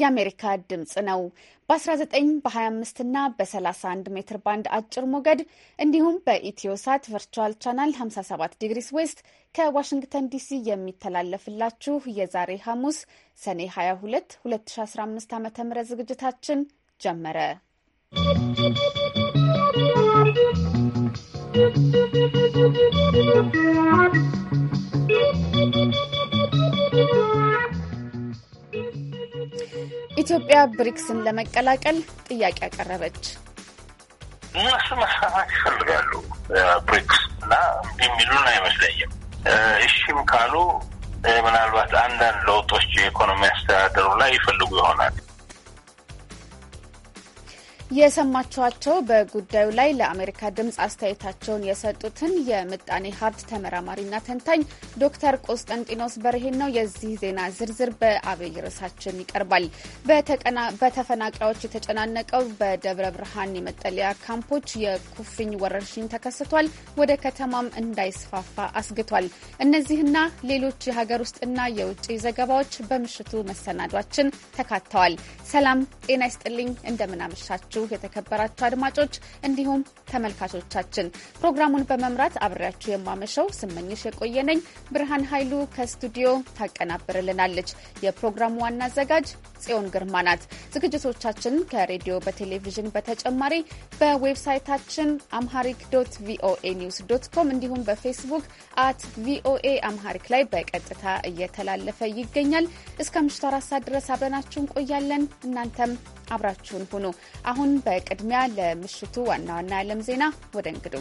የአሜሪካ ድምፅ ነው። በ19 በ25 እና በ31 ሜትር ባንድ አጭር ሞገድ እንዲሁም በኢትዮሳት ቨርቹዋል ቻናል 57 ዲግሪስ ዌስት ከዋሽንግተን ዲሲ የሚተላለፍላችሁ የዛሬ ሐሙስ ሰኔ 22 2015 ዓ ም ዝግጅታችን ጀመረ። ¶¶ ኢትዮጵያ ብሪክስን ለመቀላቀል ጥያቄ አቀረበች። እነሱ መሰማት ይፈልጋሉ ብሪክስ እና እምቢ የሚሉን አይመስለኝም። እሺም ካሉ ምናልባት አንዳንድ ለውጦች የኢኮኖሚ አስተዳደሩ ላይ ይፈልጉ ይሆናል። የሰማችኋቸው በጉዳዩ ላይ ለአሜሪካ ድምፅ አስተያየታቸውን የሰጡትን የምጣኔ ሀብት ተመራማሪና ተንታኝ ዶክተር ቆስጠንጢኖስ በርሄን ነው። የዚህ ዜና ዝርዝር በአብይ ርዕሳችን ይቀርባል። በተፈናቃዮች የተጨናነቀው በደብረ ብርሃን የመጠለያ ካምፖች የኩፍኝ ወረርሽኝ ተከስቷል። ወደ ከተማም እንዳይስፋፋ አስግቷል። እነዚህና ሌሎች የሀገር ውስጥና የውጭ ዘገባዎች በምሽቱ መሰናዷችን ተካተዋል። ሰላም ጤና ይስጥልኝ። እንደምናመሻቸው ናችሁ የተከበራችሁ አድማጮች፣ እንዲሁም ተመልካቾቻችን። ፕሮግራሙን በመምራት አብሬያችሁ የማመሸው ስመኝሽ የቆየነኝ። ብርሃን ኃይሉ ከስቱዲዮ ታቀናብርልናለች። የፕሮግራሙ ዋና አዘጋጅ ጽዮን ግርማ ናት። ዝግጅቶቻችን ከሬዲዮ በቴሌቪዥን በተጨማሪ በዌብሳይታችን አምሃሪክ ዶት ቪኦኤ ኒውስ ዶት ኮም እንዲሁም በፌስቡክ አት ቪኦኤ አምሃሪክ ላይ በቀጥታ እየተላለፈ ይገኛል። እስከ ምሽቱ አራት ሰዓት ድረስ አብረናችሁ እንቆያለን። እናንተም አብራችሁን ሁኑ። አሁን በቅድሚያ ለምሽቱ ዋና ዋና የዓለም ዜና ወደ እንግዱ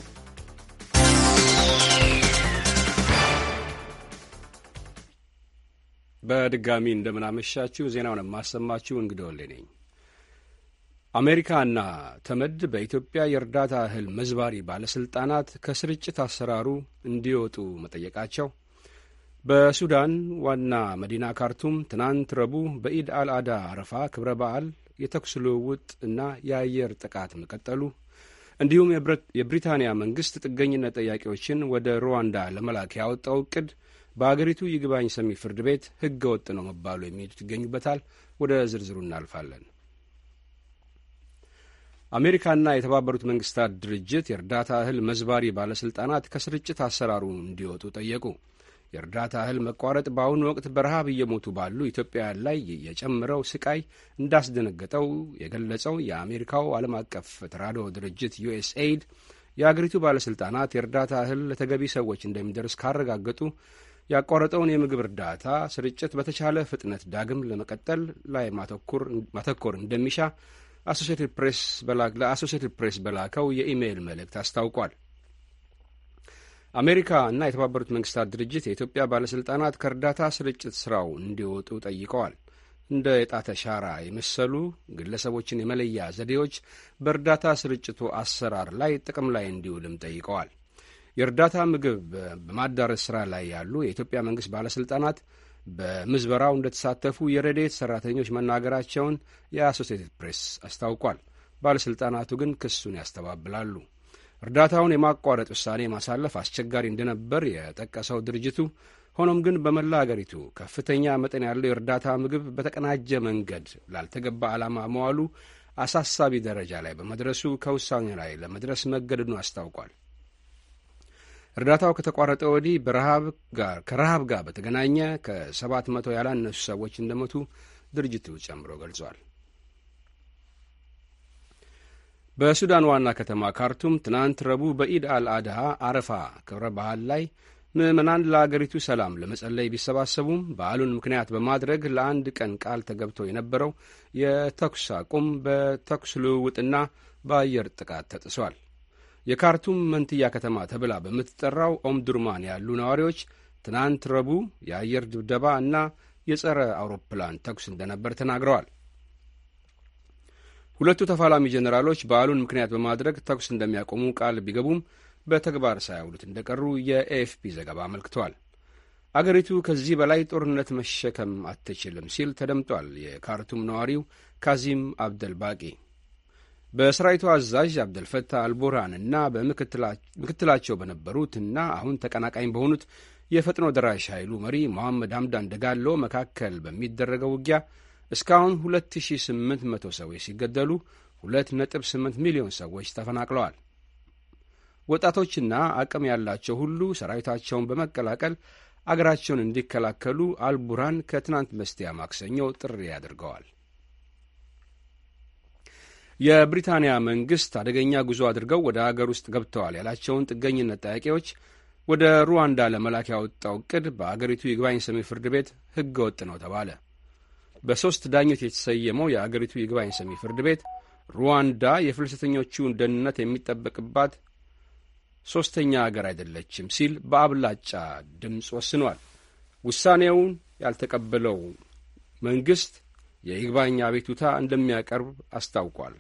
በድጋሚ እንደምናመሻችሁ ዜናውን የማሰማችሁ እንግዳ ወሌ ነኝ። አሜሪካና ተመድ በኢትዮጵያ የእርዳታ እህል መዝባሪ ባለሥልጣናት ከስርጭት አሰራሩ እንዲወጡ መጠየቃቸው፣ በሱዳን ዋና መዲና ካርቱም ትናንት ረቡዕ በኢድ አልአዳ አረፋ ክብረ በዓል የተኩስ ልውውጥ እና የአየር ጥቃት መቀጠሉ እንዲሁም የብሪታንያ መንግሥት ጥገኝነት ጠያቂዎችን ወደ ሩዋንዳ ለመላክ ያወጣው እቅድ በአገሪቱ ይግባኝ ሰሚ ፍርድ ቤት ሕገ ወጥ ነው መባሉ የሚሄዱት ይገኙበታል። ወደ ዝርዝሩ እናልፋለን። አሜሪካና የተባበሩት መንግስታት ድርጅት የእርዳታ እህል መዝባሪ ባለሥልጣናት ከስርጭት አሰራሩ እንዲወጡ ጠየቁ። የእርዳታ እህል መቋረጥ በአሁኑ ወቅት በረሃብ እየሞቱ ባሉ ኢትዮጵያውያን ላይ የጨመረው ስቃይ እንዳስደነገጠው የገለጸው የአሜሪካው ዓለም አቀፍ ተራድኦ ድርጅት ዩኤስኤይድ የአገሪቱ ባለሥልጣናት የእርዳታ እህል ለተገቢ ሰዎች እንደሚደርስ ካረጋገጡ ያቋረጠውን የምግብ እርዳታ ስርጭት በተቻለ ፍጥነት ዳግም ለመቀጠል ላይ ማተኮር እንደሚሻ ለአሶሴትድ ፕሬስ በላከው የኢሜይል መልእክት አስታውቋል። አሜሪካ እና የተባበሩት መንግስታት ድርጅት የኢትዮጵያ ባለሥልጣናት ከእርዳታ ስርጭት ሥራው እንዲወጡ ጠይቀዋል። እንደ የጣተ ሻራ የመሰሉ ግለሰቦችን የመለያ ዘዴዎች በእርዳታ ስርጭቱ አሰራር ላይ ጥቅም ላይ እንዲውልም ጠይቀዋል። የእርዳታ ምግብ በማዳረስ ሥራ ላይ ያሉ የኢትዮጵያ መንግሥት ባለሥልጣናት በምዝበራው እንደተሳተፉ የረዴት ሠራተኞች መናገራቸውን የአሶሴትድ ፕሬስ አስታውቋል። ባለሥልጣናቱ ግን ክሱን ያስተባብላሉ። እርዳታውን የማቋረጥ ውሳኔ ማሳለፍ አስቸጋሪ እንደነበር የጠቀሰው ድርጅቱ ሆኖም ግን በመላ አገሪቱ ከፍተኛ መጠን ያለው የእርዳታ ምግብ በተቀናጀ መንገድ ላልተገባ ዓላማ መዋሉ አሳሳቢ ደረጃ ላይ በመድረሱ ከውሳኔ ላይ ለመድረስ መገደዱን አስታውቋል። እርዳታው ከተቋረጠ ወዲህ ከረሃብ ጋር በተገናኘ ከሰባት መቶ ያላነሱ ሰዎች እንደሞቱ ድርጅቱ ጨምሮ ገልጿል። በሱዳን ዋና ከተማ ካርቱም ትናንት ረቡዕ በኢድ አል አድሃ አረፋ ክብረ በዓል ላይ ምዕመናን ለአገሪቱ ሰላም ለመጸለይ ቢሰባሰቡም በዓሉን ምክንያት በማድረግ ለአንድ ቀን ቃል ተገብቶ የነበረው የተኩስ አቁም በተኩስ ልውውጥና በአየር ጥቃት ተጥሷል። የካርቱም መንትያ ከተማ ተብላ በምትጠራው ኦምዱርማን ያሉ ነዋሪዎች ትናንት ረቡዕ የአየር ድብደባ እና የጸረ አውሮፕላን ተኩስ እንደነበር ተናግረዋል። ሁለቱ ተፋላሚ ጀኔራሎች በዓሉን ምክንያት በማድረግ ተኩስ እንደሚያቆሙ ቃል ቢገቡም በተግባር ሳያውሉት እንደቀሩ የኤኤፍፒ ዘገባ አመልክቷል። አገሪቱ ከዚህ በላይ ጦርነት መሸከም አትችልም ሲል ተደምጧል። የካርቱም ነዋሪው ካዚም አብደልባቂ በሰራዊቱ አዛዥ አብደልፈታ አልቡርሃን እና በምክትላቸው እና አሁን ተቀናቃኝ በሆኑት የፈጥኖ ደራሽ ኃይሉ መሪ መሐመድ ሐምዳን ደጋሎ መካከል በሚደረገው ውጊያ እስካሁን 2800 ሰዎች ሲገደሉ 2.8 ሚሊዮን ሰዎች ተፈናቅለዋል። ወጣቶችና አቅም ያላቸው ሁሉ ሰራዊታቸውን በመቀላቀል አገራቸውን እንዲከላከሉ አልቡራን ከትናንት በስቲያ ማክሰኞ ጥሪ አድርገዋል። የብሪታንያ መንግሥት አደገኛ ጉዞ አድርገው ወደ አገር ውስጥ ገብተዋል ያላቸውን ጥገኝነት ጠያቂዎች ወደ ሩዋንዳ ለመላክ ያወጣው ዕቅድ በአገሪቱ ይግባኝ ሰሚ ፍርድ ቤት ሕገ ወጥ ነው ተባለ። በሦስት ዳኞች የተሰየመው የአገሪቱ ይግባኝ ሰሚ ፍርድ ቤት ሩዋንዳ የፍልሰተኞቹን ደህንነት የሚጠበቅባት ሦስተኛ አገር አይደለችም ሲል በአብላጫ ድምፅ ወስኗል። ውሳኔውን ያልተቀበለው መንግሥት የይግባኝ አቤቱታ እንደሚያቀርብ አስታውቋል።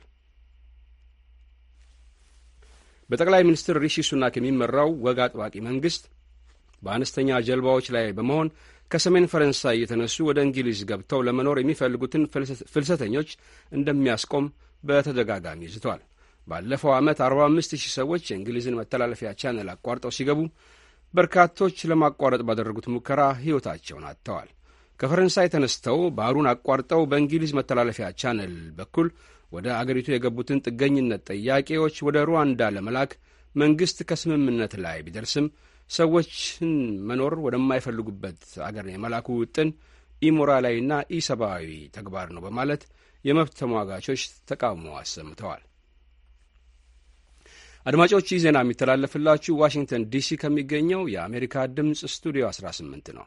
በጠቅላይ ሚኒስትር ሪሺ ሱናክ የሚመራው ወግ አጥባቂ መንግሥት በአነስተኛ ጀልባዎች ላይ በመሆን ከሰሜን ፈረንሳይ የተነሱ ወደ እንግሊዝ ገብተው ለመኖር የሚፈልጉትን ፍልሰተኞች እንደሚያስቆም በተደጋጋሚ ይዝቷል። ባለፈው ዓመት 45 ሰዎች የእንግሊዝን መተላለፊያ ቻነል አቋርጠው ሲገቡ በርካቶች ለማቋረጥ ባደረጉት ሙከራ ሕይወታቸውን አጥተዋል። ከፈረንሳይ ተነስተው ባህሩን አቋርጠው በእንግሊዝ መተላለፊያ ቻነል በኩል ወደ አገሪቱ የገቡትን ጥገኝነት ጥያቄዎች ወደ ሩዋንዳ ለመላክ መንግሥት ከስምምነት ላይ ቢደርስም ሰዎችን መኖር ወደማይፈልጉበት አገር የመላኩ ውጥን ኢሞራላዊና ኢሰብአዊ ተግባር ነው በማለት የመብት ተሟጋቾች ተቃውሞ አሰምተዋል። አድማጮች ይህ ዜና የሚተላለፍላችሁ ዋሽንግተን ዲሲ ከሚገኘው የአሜሪካ ድምፅ ስቱዲዮ 18 ነው።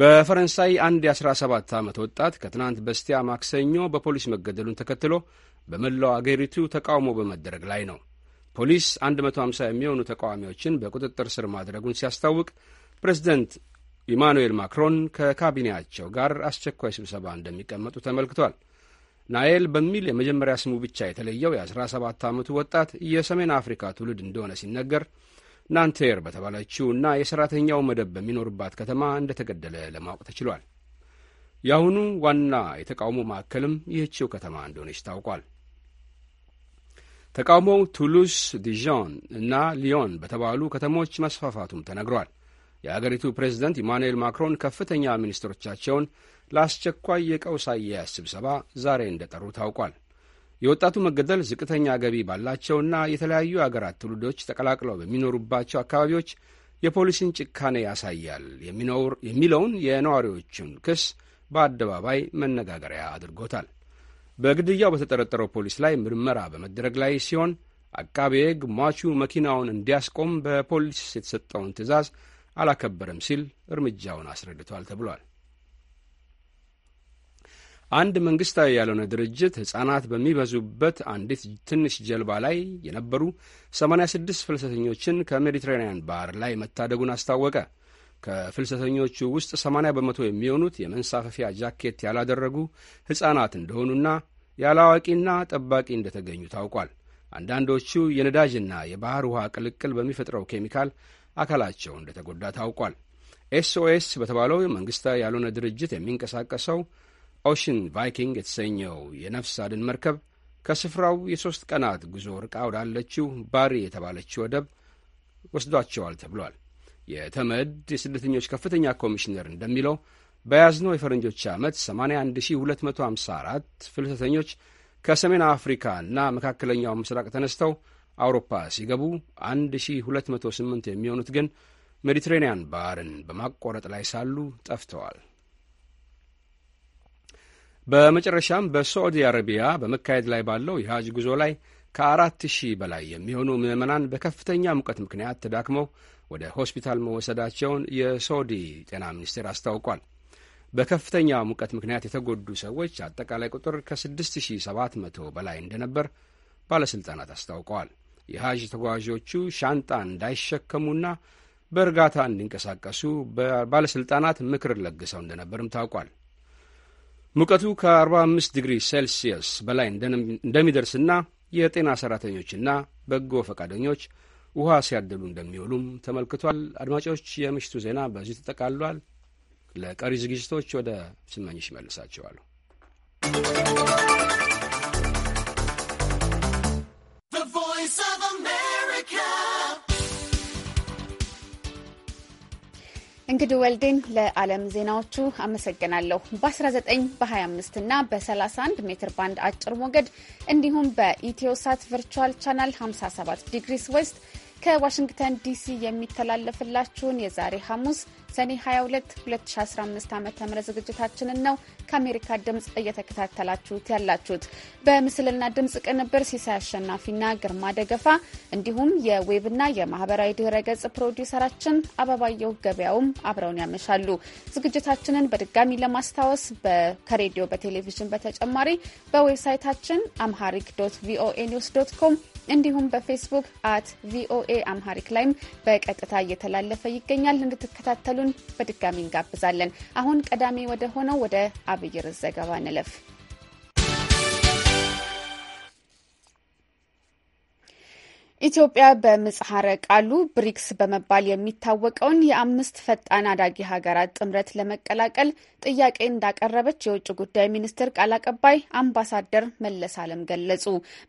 በፈረንሳይ አንድ የ17 ዓመት ወጣት ከትናንት በስቲያ ማክሰኞ በፖሊስ መገደሉን ተከትሎ በመላው አገሪቱ ተቃውሞ በመደረግ ላይ ነው። ፖሊስ 150 የሚሆኑ ተቃዋሚዎችን በቁጥጥር ስር ማድረጉን ሲያስታውቅ ፕሬዚደንት ኢማኑኤል ማክሮን ከካቢኔያቸው ጋር አስቸኳይ ስብሰባ እንደሚቀመጡ ተመልክቷል። ናኤል በሚል የመጀመሪያ ስሙ ብቻ የተለየው የ17 ዓመቱ ወጣት የሰሜን አፍሪካ ትውልድ እንደሆነ ሲነገር ናንቴር በተባለችው እና የሠራተኛው መደብ በሚኖርባት ከተማ እንደተገደለ ለማወቅ ተችሏል። የአሁኑ ዋና የተቃውሞ ማዕከልም ይህችው ከተማ እንደሆነች ታውቋል። ተቃውሞው ቱሉስ፣ ዲዣን እና ሊዮን በተባሉ ከተሞች መስፋፋቱም ተነግሯል። የአገሪቱ ፕሬዝደንት ኢማኑኤል ማክሮን ከፍተኛ ሚኒስትሮቻቸውን ለአስቸኳይ የቀውስ አያያዝ ስብሰባ ዛሬ እንደጠሩ ታውቋል። የወጣቱ መገደል ዝቅተኛ ገቢ ባላቸውና የተለያዩ አገራት ትውልዶች ተቀላቅለው በሚኖሩባቸው አካባቢዎች የፖሊሲን ጭካኔ ያሳያል የሚለውን የነዋሪዎቹን ክስ በአደባባይ መነጋገሪያ አድርጎታል። በግድያው በተጠረጠረው ፖሊስ ላይ ምርመራ በመደረግ ላይ ሲሆን አቃቤ ሕግ ሟቹ መኪናውን እንዲያስቆም በፖሊስ የተሰጠውን ትዕዛዝ አላከበረም ሲል እርምጃውን አስረድቷል ተብሏል። አንድ መንግሥታዊ ያልሆነ ድርጅት ሕፃናት በሚበዙበት አንዲት ትንሽ ጀልባ ላይ የነበሩ 86 ፍልሰተኞችን ከሜዲትራንያን ባህር ላይ መታደጉን አስታወቀ። ከፍልሰተኞቹ ውስጥ 80 በመቶ የሚሆኑት የመንሳፈፊያ ጃኬት ያላደረጉ ሕፃናት እንደሆኑና ያለ አዋቂና ጠባቂ እንደተገኙ ታውቋል። አንዳንዶቹ የነዳጅና የባሕር ውሃ ቅልቅል በሚፈጥረው ኬሚካል አካላቸው እንደተጎዳ ታውቋል። ኤስኦኤስ በተባለው መንግሥታዊ ያልሆነ ድርጅት የሚንቀሳቀሰው ኦሽን ቫይኪንግ የተሰኘው የነፍስ አድን መርከብ ከስፍራው የሦስት ቀናት ጉዞ ርቃ ወዳለችው ባሪ የተባለችው ወደብ ወስዷቸዋል ተብሏል። የተመድ የስደተኞች ከፍተኛ ኮሚሽነር እንደሚለው በያዝነው የፈረንጆች ዓመት 81254 ፍልሰተኞች ከሰሜን አፍሪካ እና መካከለኛው ምስራቅ ተነስተው አውሮፓ ሲገቡ 1208 የሚሆኑት ግን ሜዲትሬንያን ባህርን በማቋረጥ ላይ ሳሉ ጠፍተዋል። በመጨረሻም በሳዑዲ አረቢያ በመካሄድ ላይ ባለው የሐጅ ጉዞ ላይ ከአራት ሺህ በላይ የሚሆኑ ምዕመናን በከፍተኛ ሙቀት ምክንያት ተዳክመው ወደ ሆስፒታል መወሰዳቸውን የሳዑዲ ጤና ሚኒስቴር አስታውቋል። በከፍተኛ ሙቀት ምክንያት የተጎዱ ሰዎች አጠቃላይ ቁጥር ከ6700 በላይ እንደነበር ባለሥልጣናት አስታውቀዋል። የሐጅ ተጓዦቹ ሻንጣ እንዳይሸከሙና በእርጋታ እንዲንቀሳቀሱ ባለሥልጣናት ምክር ለግሰው እንደነበርም ታውቋል። ሙቀቱ ከ45 ዲግሪ ሴልሲየስ በላይ እንደሚደርስና የጤና ሠራተኞችና በጎ ፈቃደኞች ውሃ ሲያደሉ እንደሚውሉም ተመልክቷል። አድማጮች፣ የምሽቱ ዜና በዚህ ተጠቃልሏል። ለቀሪ ዝግጅቶች ወደ ስመኝሽ መልሳቸዋለሁ። እንግዲህ ወልዴን ለዓለም ዜናዎቹ አመሰግናለሁ። በ19 በ25 እና በ31 ሜትር ባንድ አጭር ሞገድ እንዲሁም በኢትዮሳት ቨርቹዋል ቻናል 57 ዲግሪስ ዌስት ከዋሽንግተን ዲሲ የሚተላለፍላችሁን የዛሬ ሐሙስ ሰኔ 22 2015 ዓ ም ዝግጅታችንን ነው ከአሜሪካ ድምፅ እየተከታተላችሁት ያላችሁት። በምስልና ድምፅ ቅንብር ሲሳይ አሸናፊና ግርማ ደገፋ እንዲሁም የዌብና የማህበራዊ ድህረ ገጽ ፕሮዲውሰራችን አበባየሁ ገበያውም አብረውን ያመሻሉ። ዝግጅታችንን በድጋሚ ለማስታወስ ከሬዲዮ በቴሌቪዥን በተጨማሪ በዌብሳይታችን አምሃሪክ ዶት ቪኦኤ ኒውስ ዶት ኮም እንዲሁም በፌስቡክ አት ቪኦኤ አምሃሪክ ላይም በቀጥታ እየተላለፈ ይገኛል። እንድትከታተሉ እንድትሉን በድጋሚ እንጋብዛለን። አሁን ቀዳሚ ወደ ሆነው ወደ አብይር ዘገባ እንለፍ። ኢትዮጵያ በምጽሐረ ቃሉ ብሪክስ በመባል የሚታወቀውን የአምስት ፈጣን አዳጊ ሀገራት ጥምረት ለመቀላቀል ጥያቄ እንዳቀረበች የውጭ ጉዳይ ሚኒስቴር ቃል አቀባይ አምባሳደር መለስ አለም ገለጹ።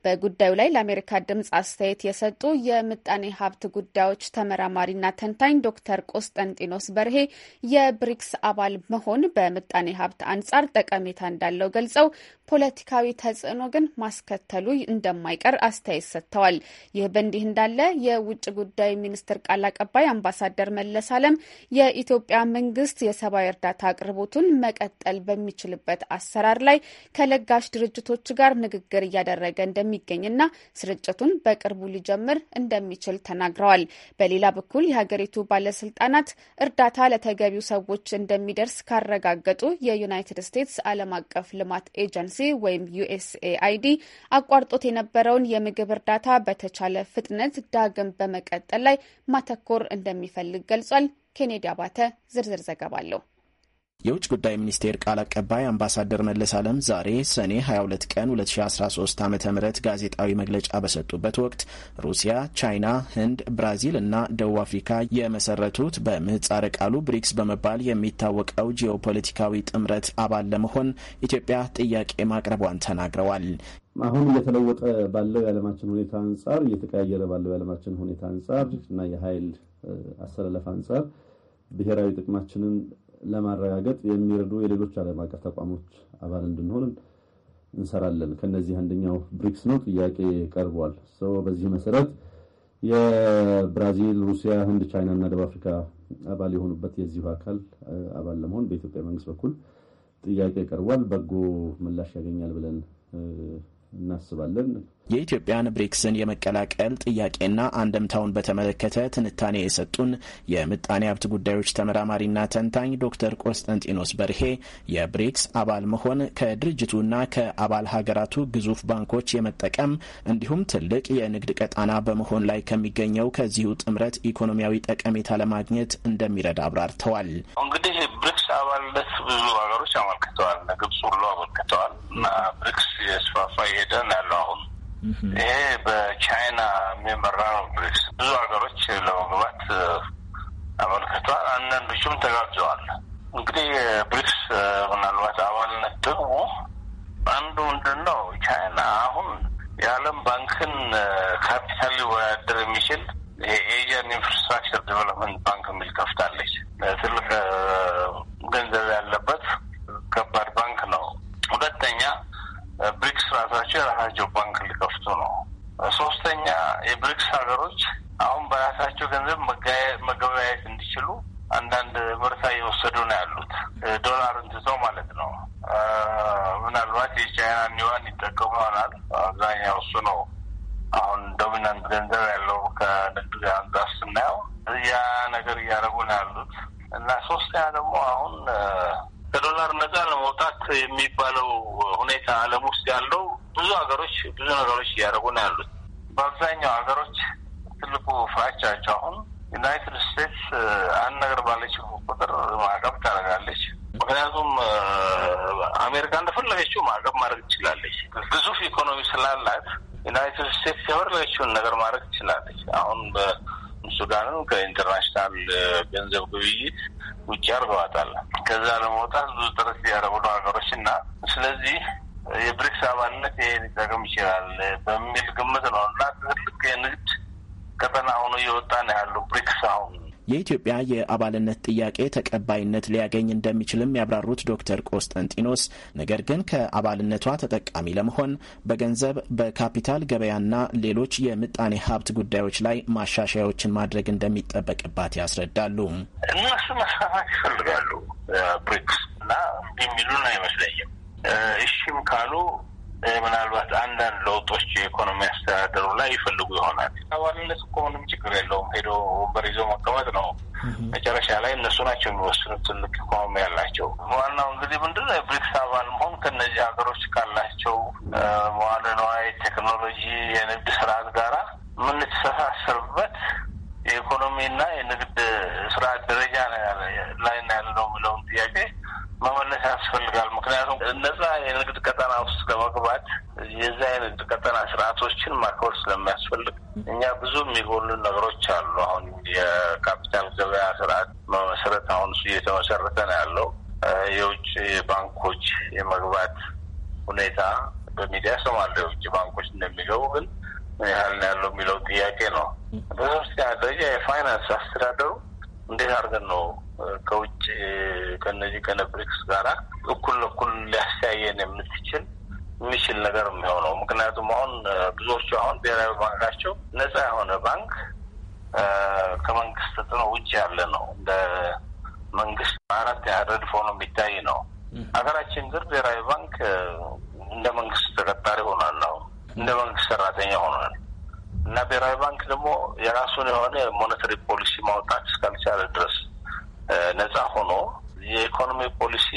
በጉዳዩ ላይ ለአሜሪካ ድምጽ አስተያየት የሰጡ የምጣኔ ሀብት ጉዳዮች ተመራማሪና ተንታኝ ዶክተር ቆስጠንጢኖስ በርሄ የብሪክስ አባል መሆን በምጣኔ ሀብት አንጻር ጠቀሜታ እንዳለው ገልጸው ፖለቲካዊ ተጽዕኖ ግን ማስከተሉ እንደማይቀር አስተያየት ሰጥተዋል። ይህ በእንዲህ እንዳለ የውጭ ጉዳይ ሚኒስቴር ቃል አቀባይ አምባሳደር መለስ አለም የኢትዮጵያ መንግስት የሰብአዊ እርዳታ አቅርቦቱን መቀጠል በሚችልበት አሰራር ላይ ከለጋሽ ድርጅቶች ጋር ንግግር እያደረገ እንደሚገኝና ስርጭቱን በቅርቡ ሊጀምር እንደሚችል ተናግረዋል። በሌላ በኩል የሀገሪቱ ባለስልጣናት እርዳታ ለተገቢው ሰዎች እንደሚደርስ ካረጋገጡ የዩናይትድ ስቴትስ ዓለም አቀፍ ልማት ኤጀንሲ ወይም ዩኤስኤአይዲ አቋርጦት የነበረውን የምግብ እርዳታ በተቻለ ፍጥነት ዳግም በመቀጠል ላይ ማተኮር እንደሚፈልግ ገልጿል። ኬኔዲ አባተ ዝርዝር ዘገባ አለው። የውጭ ጉዳይ ሚኒስቴር ቃል አቀባይ አምባሳደር መለስ አለም ዛሬ ሰኔ 22 ቀን 2013 ዓ ም ጋዜጣዊ መግለጫ በሰጡበት ወቅት ሩሲያ፣ ቻይና፣ ህንድ፣ ብራዚል እና ደቡብ አፍሪካ የመሰረቱት በምህጻረ ቃሉ ብሪክስ በመባል የሚታወቀው ጂኦፖለቲካዊ ጥምረት አባል ለመሆን ኢትዮጵያ ጥያቄ ማቅረቧን ተናግረዋል። አሁን እየተለወጠ ባለው የዓለማችን ሁኔታ አንጻር እየተቀያየረ ባለው የዓለማችን ሁኔታ አንጻር እና የኃይል አሰላለፍ አንጻር ብሔራዊ ጥቅማችንን ለማረጋገጥ የሚረዱ የሌሎች ዓለም አቀፍ ተቋሞች አባል እንድንሆን እንሰራለን። ከነዚህ አንደኛው ብሪክስ ነው። ጥያቄ ቀርቧል። በዚህ መሰረት የብራዚል፣ ሩሲያ፣ ህንድ፣ ቻይና እና ደቡብ አፍሪካ አባል የሆኑበት የዚሁ አካል አባል ለመሆን በኢትዮጵያ መንግስት በኩል ጥያቄ ቀርቧል። በጎ ምላሽ ያገኛል ብለን እናስባለን። የኢትዮጵያን ብሪክስን የመቀላቀል ጥያቄና አንደምታውን በተመለከተ ትንታኔ የሰጡን የምጣኔ ሀብት ጉዳዮች ተመራማሪና ተንታኝ ዶክተር ቆስጠንጢኖስ በርሄ የብሪክስ አባል መሆን ከድርጅቱና ከአባል ሀገራቱ ግዙፍ ባንኮች የመጠቀም እንዲሁም ትልቅ የንግድ ቀጣና በመሆን ላይ ከሚገኘው ከዚሁ ጥምረት ኢኮኖሚያዊ ጠቀሜታ ለማግኘት እንደሚረዳ አብራርተዋል። እንግዲህ ብሪክስ አባልነት ብዙ ሀገሮች አመልክተዋል። ግብጽ ሁሉ አመልክተዋል እና ብሪክስ የስፋፋ ይሄዳል ያለው አሁን ይሄ በቻይና የሚመራ ነው። ብሪክስ ብዙ ሀገሮች ለመግባት አመልክቷል። አንዳንዶቹም ተጋብዘዋል። እንግዲህ ብሪክስ ምናልባት አባልነት ደግሞ አንዱ ምንድን ነው ቻይና አሁን የዓለም ባንክን ካፒታል ሊወዳደር የሚችል የኤዥያን ኢንፍራስትራክቸር ዴቨሎፕመንት ባንክ የሚል ከፍታለች። ትልቅ ገንዘብ ያለበት ከባድ ብሪክስ ራሳቸው የራሳቸው ባንክ ሊከፍቱ ነው። ሶስተኛ የብሪክስ ሀገሮች አሁን በራሳቸው ገንዘብ መገበያየት እንዲችሉ አንዳንድ ምርታ እየወሰዱ ነው ያሉት ዶላርን ትተው ማለት ነው። ምናልባት የቻይና ኒዋን ይጠቀሙ ይሆናል። አብዛኛው እሱ ነው አሁን ዶሚናንት ገንዘብ ያለው ከንግድ ጋር አንጻር ስናየው ያ ነገር እያደረጉ ነው ያሉት እና ሶስተኛ ደግሞ አሁን ከዶላር ነጻ ለመውጣት የሚባለው ሁኔታ ዓለም ውስጥ ያለው ብዙ ሀገሮች ብዙ ነገሮች እያደረጉ ነው ያሉት። በአብዛኛው ሀገሮች ትልቁ ፍራቻቸው አሁን ዩናይትድ ስቴትስ አንድ ነገር ባለችው ቁጥር ማዕቀብ ታደርጋለች። ምክንያቱም አሜሪካ እንደፈለገችው ማዕቀብ ማድረግ ትችላለች። ግዙፍ ኢኮኖሚ ስላላት ዩናይትድ ስቴትስ የፈለገችውን ነገር ማድረግ ትችላለች። አሁን ሱዳንን ከኢንተርናሽናል ገንዘብ ግብይት ውጭ አድርገዋታል። ከዛ ለመውጣት ብዙ ጥረት ያደረጉ ሀገሮች እና ስለዚህ የብሪክስ አባልነት ይሄ ሊጠቅም ይችላል በሚል ግምት ነው እና ትልቅ የንግድ ቀጠና ሆኖ እየወጣ ነው ያለው ብሪክስ አሁን የኢትዮጵያ የአባልነት ጥያቄ ተቀባይነት ሊያገኝ እንደሚችልም ያብራሩት ዶክተር ቆስጠንጢኖስ ነገር ግን ከአባልነቷ ተጠቃሚ ለመሆን በገንዘብ በካፒታል ገበያና ሌሎች የምጣኔ ሀብት ጉዳዮች ላይ ማሻሻያዎችን ማድረግ እንደሚጠበቅባት ያስረዳሉ። እነሱ መስፋፋት ይፈልጋሉ ብሪክስ እና የሚሉን አይመስለኝም። እሺም ካሉ ምናልባት አንዳንድ ለውጦች የኢኮኖሚ አስተዳደሩ ላይ ይፈልጉ ይሆናል። አባልነት እኮ ምንም ችግር የለውም። ሄዶ ወንበር ይዞ መቀመጥ ነው። መጨረሻ ላይ እነሱ ናቸው የሚወስኑት። ትልቅ ኢኮኖሚ ያላቸው ዋናው እንግዲህ ምንድን ነው የብሪክስ አባል መሆን ከነዚህ ሀገሮች ካላቸው መዋለ ነዋይ፣ ቴክኖሎጂ፣ የንግድ ስርዓት ጋራ የምንተሳሰርበት የኢኮኖሚና የንግድ ስርዓት ደረጃ ላይ ያለው ብለውን ጥያቄ መመለስ ያስፈልጋል። ምክንያቱም እነዛ የንግድ ቀጠና ውስጥ ለመግባት የዛ የንግድ ቀጠና ስርዓቶችን ማክበር ስለሚያስፈልግ እኛ ብዙ የሚጎሉ ነገሮች አሉ። አሁን የካፒታል ገበያ ስርዓት መመሰረት አሁን እሱ እየተመሰረተ ነው ያለው። የውጭ ባንኮች የመግባት ሁኔታ በሚዲያ ሰማለ የውጭ ባንኮች እንደሚገቡ ግን ምን ያህል ነው ያለው የሚለው ጥያቄ ነው። በሶስተኛ ደረጃ የፋይናንስ አስተዳደሩ እንዴት አድርገን ነው ከውጭ ከነዚህ ከነብሪክስ ጋራ እኩል ለኩል ሊያስተያየን የምትችል የሚችል ነገር የሚሆነው ምክንያቱም አሁን ብዙዎቹ አሁን ብሔራዊ ባንካቸው ነጻ የሆነ ባንክ ከመንግስት ተጽዕኖ ውጭ ያለ ነው። እንደ መንግስት አራት ያረድፎ ነው የሚታይ ነው። ሀገራችን ግን ብሔራዊ ባንክ እንደ መንግስት ተቀጣሪ ሆኗል። ነው እንደ መንግስት ሰራተኛ ሆኗል እና ብሔራዊ ባንክ ደግሞ የራሱን የሆነ ሞኔታሪ ፖሊሲ ማውጣት እስካልቻለ ድረስ ነጻ ሆኖ የኢኮኖሚ ፖሊሲ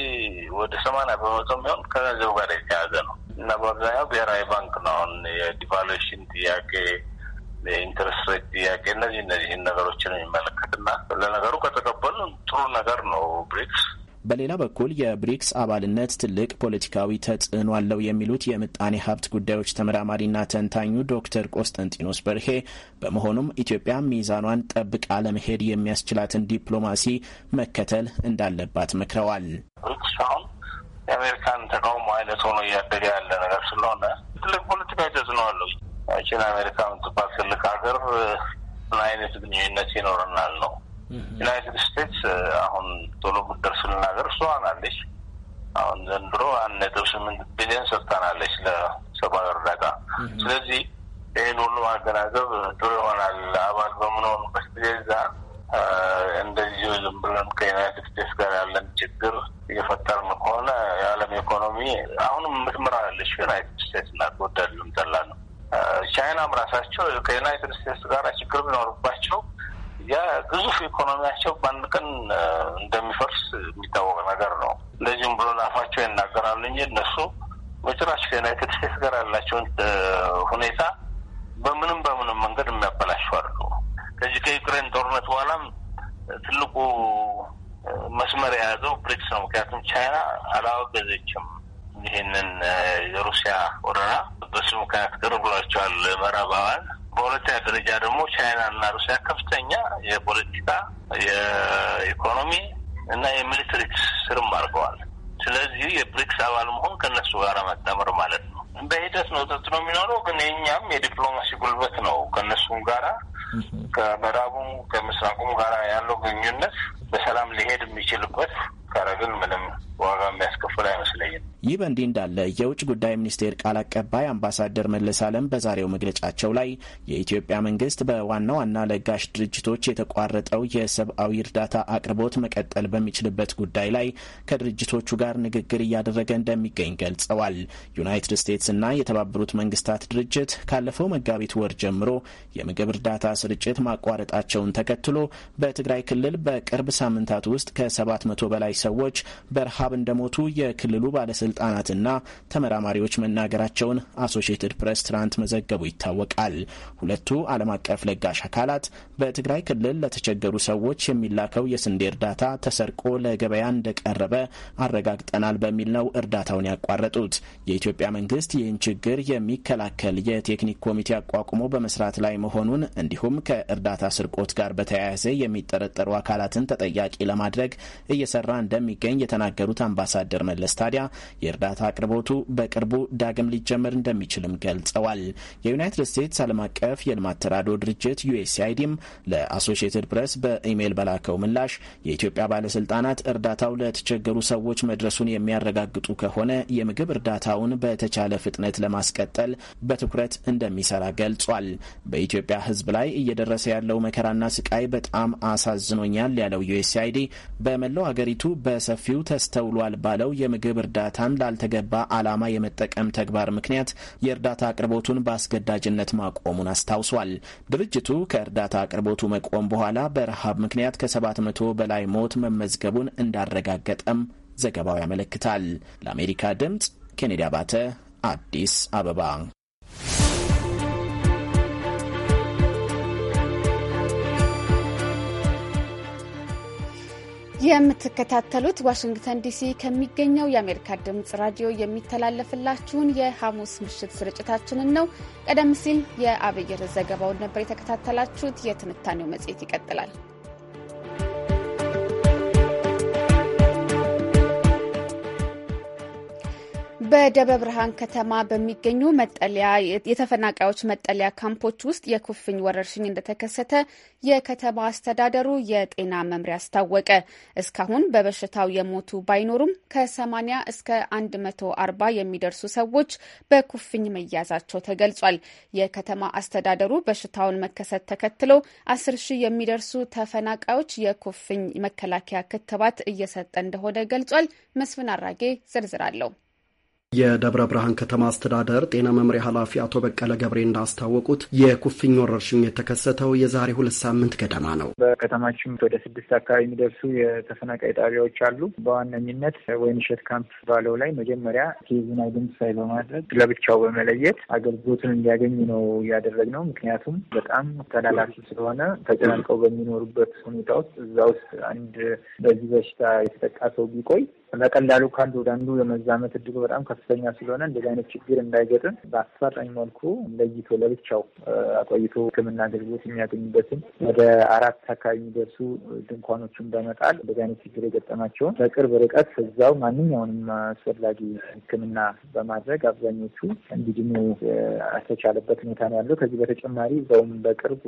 ወደ ሰማንያ በመቶ የሚሆን ከገንዘቡ ጋር የተያዘ ነው እና በአብዛኛው ብሔራዊ ባንክ ነው አሁን የዲቫሉዌሽን ጥያቄ የኢንትረስት ሬት ጥያቄ እነዚህ እነዚህን ነገሮችን የሚመለከት የሚመለከትና ለነገሩ ከተቀበሉ ጥሩ ነገር ነው ብሪክስ በሌላ በኩል የብሪክስ አባልነት ትልቅ ፖለቲካዊ ተጽዕኖ አለው የሚሉት የምጣኔ ሀብት ጉዳዮች ተመራማሪና ተንታኙ ዶክተር ቆስጠንጢኖስ በርሄ በመሆኑም ኢትዮጵያ ሚዛኗን ጠብቃ ለመሄድ የሚያስችላትን ዲፕሎማሲ መከተል እንዳለባት መክረዋል። ብሪክስ አሁን የአሜሪካን ተቃውሞ አይነት ሆኖ እያደገ ያለ ነገር ስለሆነ ትልቅ ፖለቲካዊ ተጽዕኖ አለው። ቺን አሜሪካ የምትባል ትልቅ ሀገር ምን አይነት ግንኙነት ይኖረናል ነው ዩናይትድ ስቴትስ አሁን ቶሎ የምትደርስልን ሀገር እሷ ናለች። አሁን ዘንድሮ አንድ ነጥብ ስምንት ቢሊዮን ሰጥታናለች ለሰብአዊ እርዳታ። ስለዚህ ይህን ሁሉ ማገናዘብ ጥሩ ይሆናል። አባል በምንሆኑበት ጊዜ እዛ እንደዚሁ ዝም ብለን ከዩናይትድ ስቴትስ ጋር ያለን ችግር እየፈጠርን ከሆነ የዓለም ኢኮኖሚ አሁንም አለች ዩናይትድ ስቴትስ ናት። ወደድንም ጠላንም ቻይናም ራሳቸው ከዩናይትድ ስቴትስ ጋር ችግር ቢኖርባቸው ያ ግዙፍ ኢኮኖሚያቸው በአንድ ቀን እንደሚፈርስ የሚታወቅ ነገር ነው። እንደዚሁም ብሎ ላፋቸው ይናገራሉ እንጂ እነሱ በጭራሽ ከዩናይትድ ስቴትስ ጋር ያላቸውን ሁኔታ በምንም በምንም መንገድ የሚያበላሹ አሉ። ከዚህ ከዩክሬን ጦርነት በኋላም ትልቁ መስመር የያዘው ብሪክስ ነው። ምክንያቱም ቻይና አላወገዘችም ይህንን የሩሲያ ወረራ በሱ ምክንያት ቅር ብሏቸዋል ምዕራባውያን። በሁለተኛ ደረጃ ደግሞ ቻይና እና ሩሲያ ከፍተኛ የፖለቲካ የኢኮኖሚ እና የሚሊትሪ ስርም አድርገዋል። ስለዚህ የብሪክስ አባል መሆን ከእነሱ ጋር መጠመር በእንዲህ እንዳለ የውጭ ጉዳይ ሚኒስቴር ቃል አቀባይ አምባሳደር መለስ አለም በዛሬው መግለጫቸው ላይ የኢትዮጵያ መንግስት በዋና ዋና ለጋሽ ድርጅቶች የተቋረጠው የሰብአዊ እርዳታ አቅርቦት መቀጠል በሚችልበት ጉዳይ ላይ ከድርጅቶቹ ጋር ንግግር እያደረገ እንደሚገኝ ገልጸዋል። ዩናይትድ ስቴትስ እና የተባበሩት መንግስታት ድርጅት ካለፈው መጋቢት ወር ጀምሮ የምግብ እርዳታ ስርጭት ማቋረጣቸውን ተከትሎ በትግራይ ክልል በቅርብ ሳምንታት ውስጥ ከሰባት መቶ በላይ ሰዎች በረሃብ እንደሞቱ የክልሉ ባለስልጣናት ጥናትና ተመራማሪዎች መናገራቸውን አሶሺየትድ ፕሬስ ትናንት መዘገቡ ይታወቃል። ሁለቱ ዓለም አቀፍ ለጋሽ አካላት በትግራይ ክልል ለተቸገሩ ሰዎች የሚላከው የስንዴ እርዳታ ተሰርቆ ለገበያ እንደቀረበ አረጋግጠናል በሚል ነው እርዳታውን ያቋረጡት። የኢትዮጵያ መንግስት ይህን ችግር የሚከላከል የቴክኒክ ኮሚቴ አቋቁሞ በመስራት ላይ መሆኑን እንዲሁም ከእርዳታ ስርቆት ጋር በተያያዘ የሚጠረጠሩ አካላትን ተጠያቂ ለማድረግ እየሰራ እንደሚገኝ የተናገሩት አምባሳደር መለስ ታዲያ የእርዳ የእርዳታ አቅርቦቱ በቅርቡ ዳግም ሊጀመር እንደሚችልም ገልጸዋል። የዩናይትድ ስቴትስ ዓለም አቀፍ የልማት ተራድኦ ድርጅት ዩኤስአይዲም ለአሶሺየትድ ፕሬስ በኢሜይል በላከው ምላሽ የኢትዮጵያ ባለስልጣናት እርዳታው ለተቸገሩ ሰዎች መድረሱን የሚያረጋግጡ ከሆነ የምግብ እርዳታውን በተቻለ ፍጥነት ለማስቀጠል በትኩረት እንደሚሰራ ገልጿል። በኢትዮጵያ ሕዝብ ላይ እየደረሰ ያለው መከራና ስቃይ በጣም አሳዝኖኛል ያለው ዩኤስአይዲ በመላው አገሪቱ በሰፊው ተስተውሏል ባለው የምግብ እርዳታን ላል ላልተገባ ዓላማ የመጠቀም ተግባር ምክንያት የእርዳታ አቅርቦቱን በአስገዳጅነት ማቆሙን አስታውሷል። ድርጅቱ ከእርዳታ አቅርቦቱ መቆም በኋላ በረሃብ ምክንያት ከሰባት መቶ በላይ ሞት መመዝገቡን እንዳረጋገጠም ዘገባው ያመለክታል። ለአሜሪካ ድምጽ ኬኔዲ አባተ አዲስ አበባ የምትከታተሉት ዋሽንግተን ዲሲ ከሚገኘው የአሜሪካ ድምፅ ራዲዮ የሚተላለፍላችሁን የሐሙስ ምሽት ስርጭታችንን ነው። ቀደም ሲል የአብይር ዘገባውን ነበር የተከታተላችሁት። የትንታኔው መጽሔት ይቀጥላል። በደብረ ብርሃን ከተማ በሚገኙ መጠለያ የተፈናቃዮች መጠለያ ካምፖች ውስጥ የኩፍኝ ወረርሽኝ እንደተከሰተ የከተማ አስተዳደሩ የጤና መምሪያ አስታወቀ። እስካሁን በበሽታው የሞቱ ባይኖሩም ከ80 እስከ 140 የሚደርሱ ሰዎች በኩፍኝ መያዛቸው ተገልጿል። የከተማ አስተዳደሩ በሽታውን መከሰት ተከትሎ 10 ሺህ የሚደርሱ ተፈናቃዮች የኩፍኝ መከላከያ ክትባት እየሰጠ እንደሆነ ገልጿል። መስፍን አራጌ ዝርዝር አለው። የደብረ ብርሃን ከተማ አስተዳደር ጤና መምሪያ ኃላፊ አቶ በቀለ ገብሬ እንዳስታወቁት የኩፍኝ ወረርሽኝ የተከሰተው የዛሬ ሁለት ሳምንት ገደማ ነው። በከተማችን ወደ ስድስት አካባቢ የሚደርሱ የተፈናቃይ ጣቢያዎች አሉ። በዋነኝነት ወይን ካምፕ ባለው ላይ መጀመሪያ ኬዝና አይደንቲፋይ በማድረግ ለብቻው በመለየት አገልግሎቱን እንዲያገኝ ነው ያደረግነው። ምክንያቱም በጣም ተላላፊ ስለሆነ ተጨናንቀው በሚኖሩበት ሁኔታ ውስጥ እዛ ውስጥ አንድ በዚህ በሽታ የተጠቃ ሰው ቢቆይ በቀላሉ ከአንዱ ወደ አንዱ የመዛመት እድሉ በጣም ከፍተኛ ስለሆነ እንደዚህ አይነት ችግር እንዳይገጥም በአፋጣኝ መልኩ ለይቶ ለብቻው አቆይቶ ሕክምና አገልግሎት የሚያገኙበትን ወደ አራት አካባቢ የሚደርሱ ድንኳኖችን በመጣል እንደዚህ አይነት ችግር የገጠማቸውን በቅርብ ርቀት እዛው ማንኛውንም አስፈላጊ ሕክምና በማድረግ አብዛኞቹ እንዲድኑ ያልተቻለበት ሁኔታ ነው ያለው። ከዚህ በተጨማሪ እዛውም በቅርብ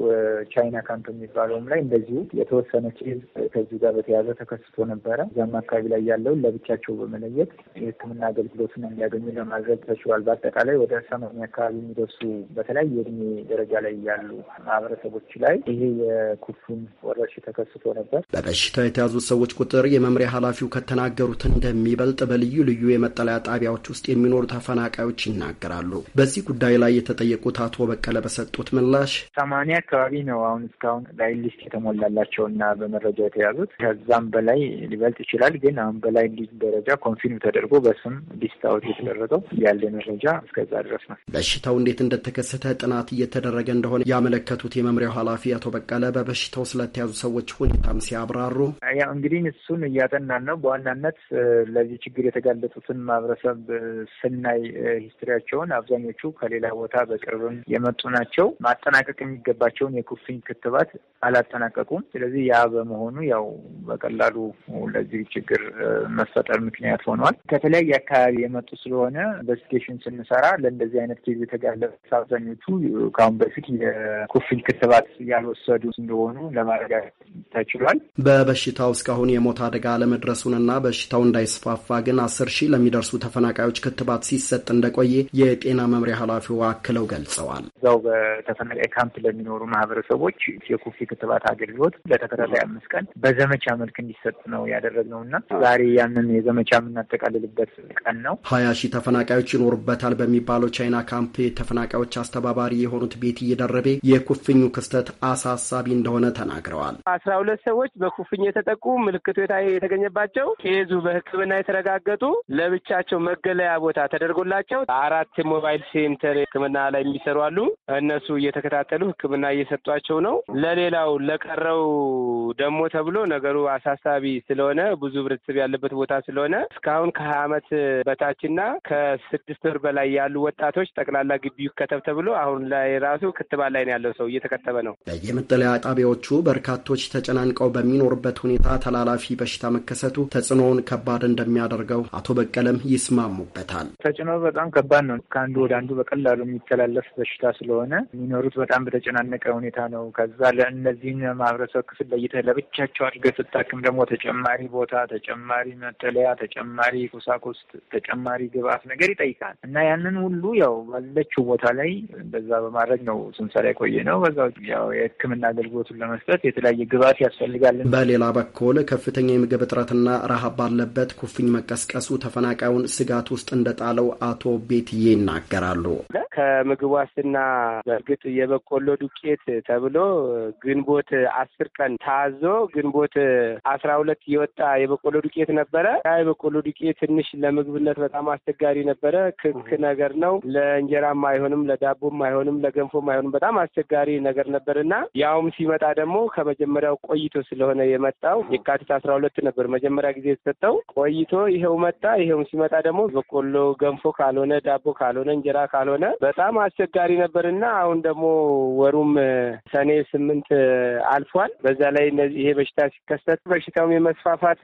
ቻይና ካንቶ የሚባለውም ላይ እንደዚሁ የተወሰነ ኬዝ ከዚሁ ጋር በተያያዘ ተከስቶ ነበረ። እዛም አካባቢ ላይ ያለው ለብቻቸው በመለየት የሕክምና አገልግሎትን እንዲያገኙ ለማድረግ ተችሏል። በአጠቃላይ ወደ ሰማኒያ አካባቢ የሚደርሱ በተለያየ የእድሜ ደረጃ ላይ ያሉ ማህበረሰቦች ላይ ይሄ የኩፍኝ ወረርሽኝ ተከስቶ ነበር። በበሽታው የተያዙት ሰዎች ቁጥር የመምሪያ ኃላፊው ከተናገሩት እንደሚበልጥ በልዩ ልዩ የመጠለያ ጣቢያዎች ውስጥ የሚኖሩ ተፈናቃዮች ይናገራሉ። በዚህ ጉዳይ ላይ የተጠየቁት አቶ በቀለ በሰጡት ምላሽ ሰማኒያ አካባቢ ነው አሁን እስካሁን ላይ ሊስት የተሞላላቸው እና በመረጃ የተያዙት ከዛም በላይ ሊበልጥ ይችላል። ግን አሁን በላይ በሊግ ደረጃ ኮንፊርም ተደርጎ በስም ሊስት አውት የተደረገው ያለ መረጃ እስከዛ ድረስ ነው። በሽታው እንዴት እንደተከሰተ ጥናት እየተደረገ እንደሆነ ያመለከቱት የመምሪያው ኃላፊ አቶ በቀለ በበሽታው ስለተያዙ ሰዎች ሁኔታም ሲያብራሩ ያው እንግዲህ እሱን እያጠናን ነው። በዋናነት ለዚህ ችግር የተጋለጡትን ማህበረሰብ ስናይ ሂስትሪያቸውን አብዛኞቹ ከሌላ ቦታ በቅርብም የመጡ ናቸው። ማጠናቀቅ የሚገባቸውን የኩፍኝ ክትባት አላጠናቀቁም። ስለዚህ ያ በመሆኑ ያው በቀላሉ ለዚህ ችግር መፈጠር ምክንያት ሆኗል። ከተለያየ አካባቢ የመጡ ስለሆነ ኢንቨስቲጌሽን ስንሰራ ለእንደዚህ አይነት ኬዝ የተጋለጡ አብዛኞቹ ከአሁን በፊት የኮቪድ ክትባት ያልወሰዱ እንደሆኑ ለማረጋገጥ ተችሏል። በበሽታው እስካሁን የሞት አደጋ አለመድረሱንና በሽታው እንዳይስፋፋ ግን አስር ሺህ ለሚደርሱ ተፈናቃዮች ክትባት ሲሰጥ እንደቆየ የጤና መምሪያ ኃላፊው አክለው ገልጸዋል። እዛው በተፈናቃይ ካምፕ ለሚኖሩ ማህበረሰቦች የኮቪድ ክትባት አገልግሎት ለተከታታይ አምስት ቀን በዘመቻ መልክ እንዲሰጥ ነው ያደረግነው እና ዛሬ ያን ይህንን የዘመቻ የምናጠቃልልበት ቀን ነው። ሀያ ሺህ ተፈናቃዮች ይኖሩበታል በሚባለው ቻይና ካምፕ ተፈናቃዮች አስተባባሪ የሆኑት ቤት እየደረቤ የኩፍኙ ክስተት አሳሳቢ እንደሆነ ተናግረዋል። አስራ ሁለት ሰዎች በኩፍኝ የተጠቁ ምልክቱ የተገኘባቸው ኬዙ በሕክምና የተረጋገጡ ለብቻቸው መገለያ ቦታ ተደርጎላቸው አራት ሞባይል ሴንተር ሕክምና ላይ የሚሰሩ አሉ። እነሱ እየተከታተሉ ሕክምና እየሰጧቸው ነው። ለሌላው ለቀረው ደግሞ ተብሎ ነገሩ አሳሳቢ ስለሆነ ብዙ ህብረተሰብ ያለበት ቦታ ቦታ ስለሆነ እስካሁን ከሀያ አመት በታችና ከስድስት ወር በላይ ያሉ ወጣቶች ጠቅላላ ግቢ ይከተብ ተብሎ አሁን ላይ ራሱ ክትባት ላይ ነው ያለው። ሰው እየተከተበ ነው። በየመጠለያ ጣቢያዎቹ በርካቶች ተጨናንቀው በሚኖርበት ሁኔታ ተላላፊ በሽታ መከሰቱ ተጽዕኖውን ከባድ እንደሚያደርገው አቶ በቀለም ይስማሙበታል። ተጽዕኖ በጣም ከባድ ነው። ከአንዱ ወደ አንዱ በቀላሉ የሚተላለፍ በሽታ ስለሆነ የሚኖሩት በጣም በተጨናነቀ ሁኔታ ነው። ከዛ ለእነዚህን ማህበረሰብ ክፍል ለይተህ ለብቻቸው አድርገህ ስታክም ደግሞ ተጨማሪ ቦታ ተጨማሪ መጠለያ፣ ተጨማሪ ቁሳቁስ፣ ተጨማሪ ግብአት ነገር ይጠይቃል እና ያንን ሁሉ ያው ባለችው ቦታ ላይ በዛ በማድረግ ነው ስንሰራ የቆየ ነው። በዛ ያው የሕክምና አገልግሎቱን ለመስጠት የተለያየ ግብአት ያስፈልጋል። በሌላ በኩል ከፍተኛ የምግብ እጥረትና ረሃብ ባለበት ኩፍኝ መቀስቀሱ ተፈናቃዩን ስጋት ውስጥ እንደጣለው አቶ ቤትዬ ይናገራሉ። ከምግብ ዋስትና በእርግጥ የበቆሎ ዱቄት ተብሎ ግንቦት አስር ቀን ታዞ ግንቦት አስራ ሁለት የወጣ የበቆሎ ዱቄት ነበረ። የበቆሎ ዱቄት ትንሽ ለምግብነት በጣም አስቸጋሪ ነበረ። ክክ ነገር ነው። ለእንጀራም አይሆንም፣ ለዳቦም አይሆንም፣ ለገንፎም አይሆንም። በጣም አስቸጋሪ ነገር ነበር እና ያውም ሲመጣ ደግሞ ከመጀመሪያው ቆይቶ ስለሆነ የመጣው የካቲት አስራ ሁለት ነበር መጀመሪያ ጊዜ የተሰጠው። ቆይቶ ይሄው መጣ። ይሄውም ሲመጣ ደግሞ በቆሎ ገንፎ ካልሆነ ዳቦ ካልሆነ እንጀራ ካልሆነ በጣም አስቸጋሪ ነበር እና አሁን ደግሞ ወሩም ሰኔ ስምንት አልፏል። በዛ ላይ ይሄ በሽታ ሲከሰት በሽታውም የመስፋፋት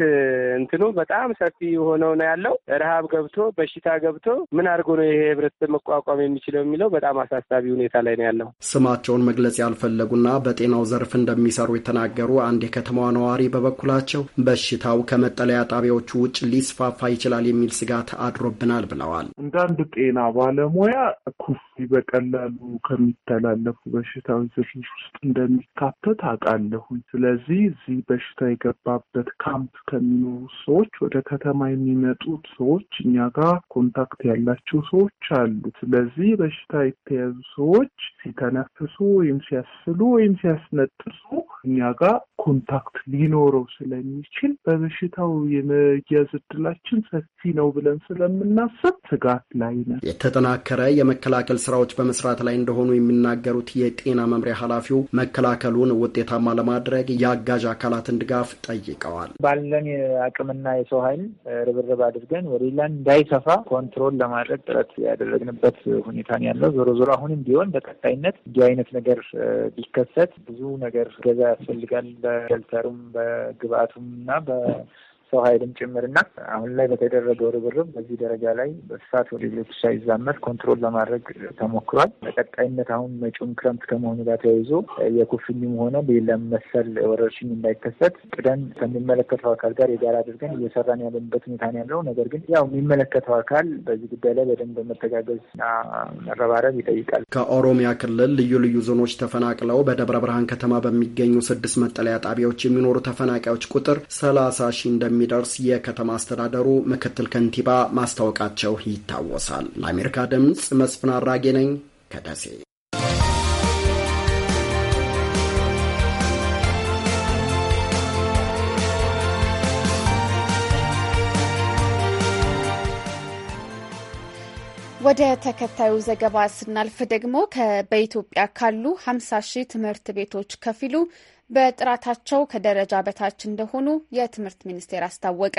እንትኑ በጣም በጣም ሰፊ የሆነው ነው ያለው። ረሃብ ገብቶ በሽታ ገብቶ ምን አድርጎ ነው ይሄ ህብረተሰብ መቋቋም የሚችለው የሚለው በጣም አሳሳቢ ሁኔታ ላይ ነው ያለው። ስማቸውን መግለጽ ያልፈለጉና በጤናው ዘርፍ እንደሚሰሩ የተናገሩ አንድ የከተማዋ ነዋሪ በበኩላቸው በሽታው ከመጠለያ ጣቢያዎቹ ውጭ ሊስፋፋ ይችላል የሚል ስጋት አድሮብናል ብለዋል። እንደ አንድ ጤና ባለሙያ ኩፊ በቀላሉ ከሚተላለፉ በሽታዎች ዝርዝር ውስጥ እንደሚካተት አውቃለሁኝ። ስለዚህ እዚህ በሽታ የገባበት ካምፕ ከሚኖሩ ሰዎች ወደ ከተማ የሚመጡት ሰዎች እኛ ጋር ኮንታክት ያላቸው ሰዎች አሉ። ስለዚህ በሽታ የተያዙ ሰዎች ሲተነፍሱ ወይም ሲያስሉ ወይም ሲያስነጥሱ እኛ ጋር ኮንታክት ሊኖረው ስለሚችል በበሽታው የመያዝ እድላችን ሰፊ ነው ብለን ስለምናስብ ስጋት ላይ ነን። የተጠናከረ የመከላከል ስራዎች በመስራት ላይ እንደሆኑ የሚናገሩት የጤና መምሪያ ኃላፊው መከላከሉን ውጤታማ ለማድረግ የአጋዥ አካላትን ድጋፍ ጠይቀዋል። ባለን አቅምና የሰው ኃይል ርብርብ አድርገን ወደ ሌላን እንዳይሰፋ ኮንትሮል ለማድረግ ጥረት ያደረግንበት ሁኔታ ነው ያለው። ዞሮ ዞሮ አሁንም ቢሆን በቀጣይነት እንዲህ አይነት ነገር ቢከሰት ብዙ ነገር ገዛ ያስፈልጋል። በሸልተሩም በግብአቱም እና ሰው ኃይልም ጭምርና አሁን ላይ በተደረገው ርብርብ በዚህ ደረጃ ላይ በስፋት ወደ ሌሎች ሳይዛመት ኮንትሮል ለማድረግ ተሞክሯል። በቀጣይነት አሁን መጪውን ክረምት ከመሆኑ ጋር ተያይዞ የኩፍኝም ሆነ ሌላም መሰል ወረርሽኝ እንዳይከሰት ቅደን ከሚመለከተው አካል ጋር የጋራ አድርገን እየሰራን ያለንበት ሁኔታ ነው ያለው። ነገር ግን ያው የሚመለከተው አካል በዚህ ጉዳይ ላይ በደንብ መተጋገዝና መረባረብ ይጠይቃል። ከኦሮሚያ ክልል ልዩ ልዩ ዞኖች ተፈናቅለው በደብረ ብርሃን ከተማ በሚገኙ ስድስት መጠለያ ጣቢያዎች የሚኖሩ ተፈናቃዮች ቁጥር ሰላሳ ሺህ እንደሚ እንደሚደርስ የከተማ አስተዳደሩ ምክትል ከንቲባ ማስታወቃቸው ይታወሳል። ለአሜሪካ ድምፅ መስፍን አራጌ ነኝ ከደሴ። ወደ ተከታዩ ዘገባ ስናልፍ ደግሞ በኢትዮጵያ ካሉ 50 ሺህ ትምህርት ቤቶች ከፊሉ በጥራታቸው ከደረጃ በታች እንደሆኑ የትምህርት ሚኒስቴር አስታወቀ።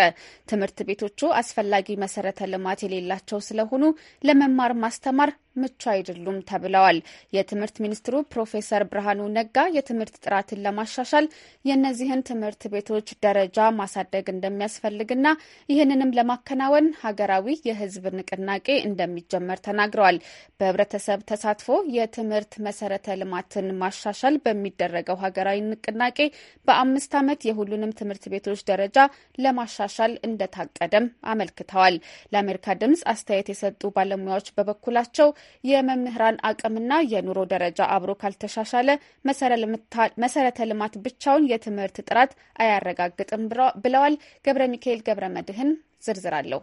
ትምህርት ቤቶቹ አስፈላጊ መሰረተ ልማት የሌላቸው ስለሆኑ ለመማር ማስተማር ምቹ አይደሉም ተብለዋል። የትምህርት ሚኒስትሩ ፕሮፌሰር ብርሃኑ ነጋ የትምህርት ጥራትን ለማሻሻል የእነዚህን ትምህርት ቤቶች ደረጃ ማሳደግ እንደሚያስፈልግና ይህንንም ለማከናወን ሀገራዊ የህዝብ ንቅናቄ እንደሚጀመር ተናግረዋል። በህብረተሰብ ተሳትፎ የትምህርት መሰረተ ልማትን ማሻሻል በሚደረገው ሀገራዊ ንቅናቄ በአምስት ዓመት የሁሉንም ትምህርት ቤቶች ደረጃ ለማሻሻል እንደታቀደም አመልክተዋል። ለአሜሪካ ድምጽ አስተያየት የሰጡ ባለሙያዎች በበኩላቸው የመምህራን አቅምና የኑሮ ደረጃ አብሮ ካልተሻሻለ መሰረተ ልማት ብቻውን የትምህርት ጥራት አያረጋግጥም ብለዋል። ገብረ ሚካኤል ገብረ መድህን ዝርዝር አለው።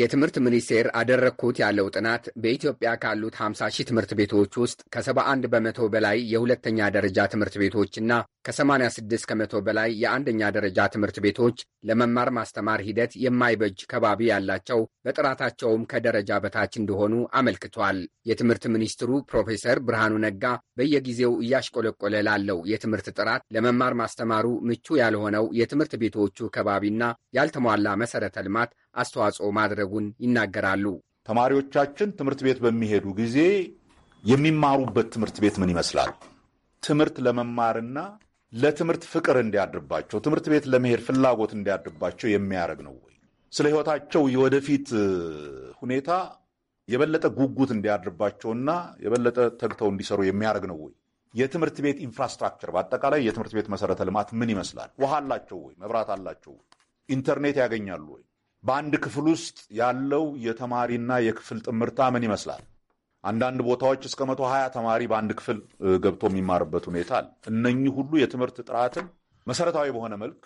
የትምህርት ሚኒስቴር አደረግኩት ያለው ጥናት በኢትዮጵያ ካሉት 50 ሺህ ትምህርት ቤቶች ውስጥ ከ71 በመቶ በላይ የሁለተኛ ደረጃ ትምህርት ቤቶችና ከ86 ከመቶ በላይ የአንደኛ ደረጃ ትምህርት ቤቶች ለመማር ማስተማር ሂደት የማይበጅ ከባቢ ያላቸው በጥራታቸውም ከደረጃ በታች እንደሆኑ አመልክቷል። የትምህርት ሚኒስትሩ ፕሮፌሰር ብርሃኑ ነጋ በየጊዜው እያሽቆለቆለ ላለው የትምህርት ጥራት ለመማር ማስተማሩ ምቹ ያልሆነው የትምህርት ቤቶቹ ከባቢና ያልተሟላ መሰረተ ልማት አስተዋጽኦ ማድረጉን ይናገራሉ። ተማሪዎቻችን ትምህርት ቤት በሚሄዱ ጊዜ የሚማሩበት ትምህርት ቤት ምን ይመስላል? ትምህርት ለመማርና ለትምህርት ፍቅር እንዲያድርባቸው ትምህርት ቤት ለመሄድ ፍላጎት እንዲያድርባቸው የሚያደርግ ነው ወይ? ስለ ሕይወታቸው የወደፊት ሁኔታ የበለጠ ጉጉት እንዲያድርባቸውና የበለጠ ተግተው እንዲሰሩ የሚያደርግ ነው ወይ? የትምህርት ቤት ኢንፍራስትራክቸር በአጠቃላይ የትምህርት ቤት መሰረተ ልማት ምን ይመስላል? ውሃ አላቸው ወይ? መብራት አላቸው ወይ? ኢንተርኔት ያገኛሉ ወይ? በአንድ ክፍል ውስጥ ያለው የተማሪና የክፍል ጥምርታ ምን ይመስላል? አንዳንድ ቦታዎች እስከ መቶ ሀያ ተማሪ በአንድ ክፍል ገብቶ የሚማርበት ሁኔታ አለ። እነኚህ ሁሉ የትምህርት ጥራትን መሰረታዊ በሆነ መልክ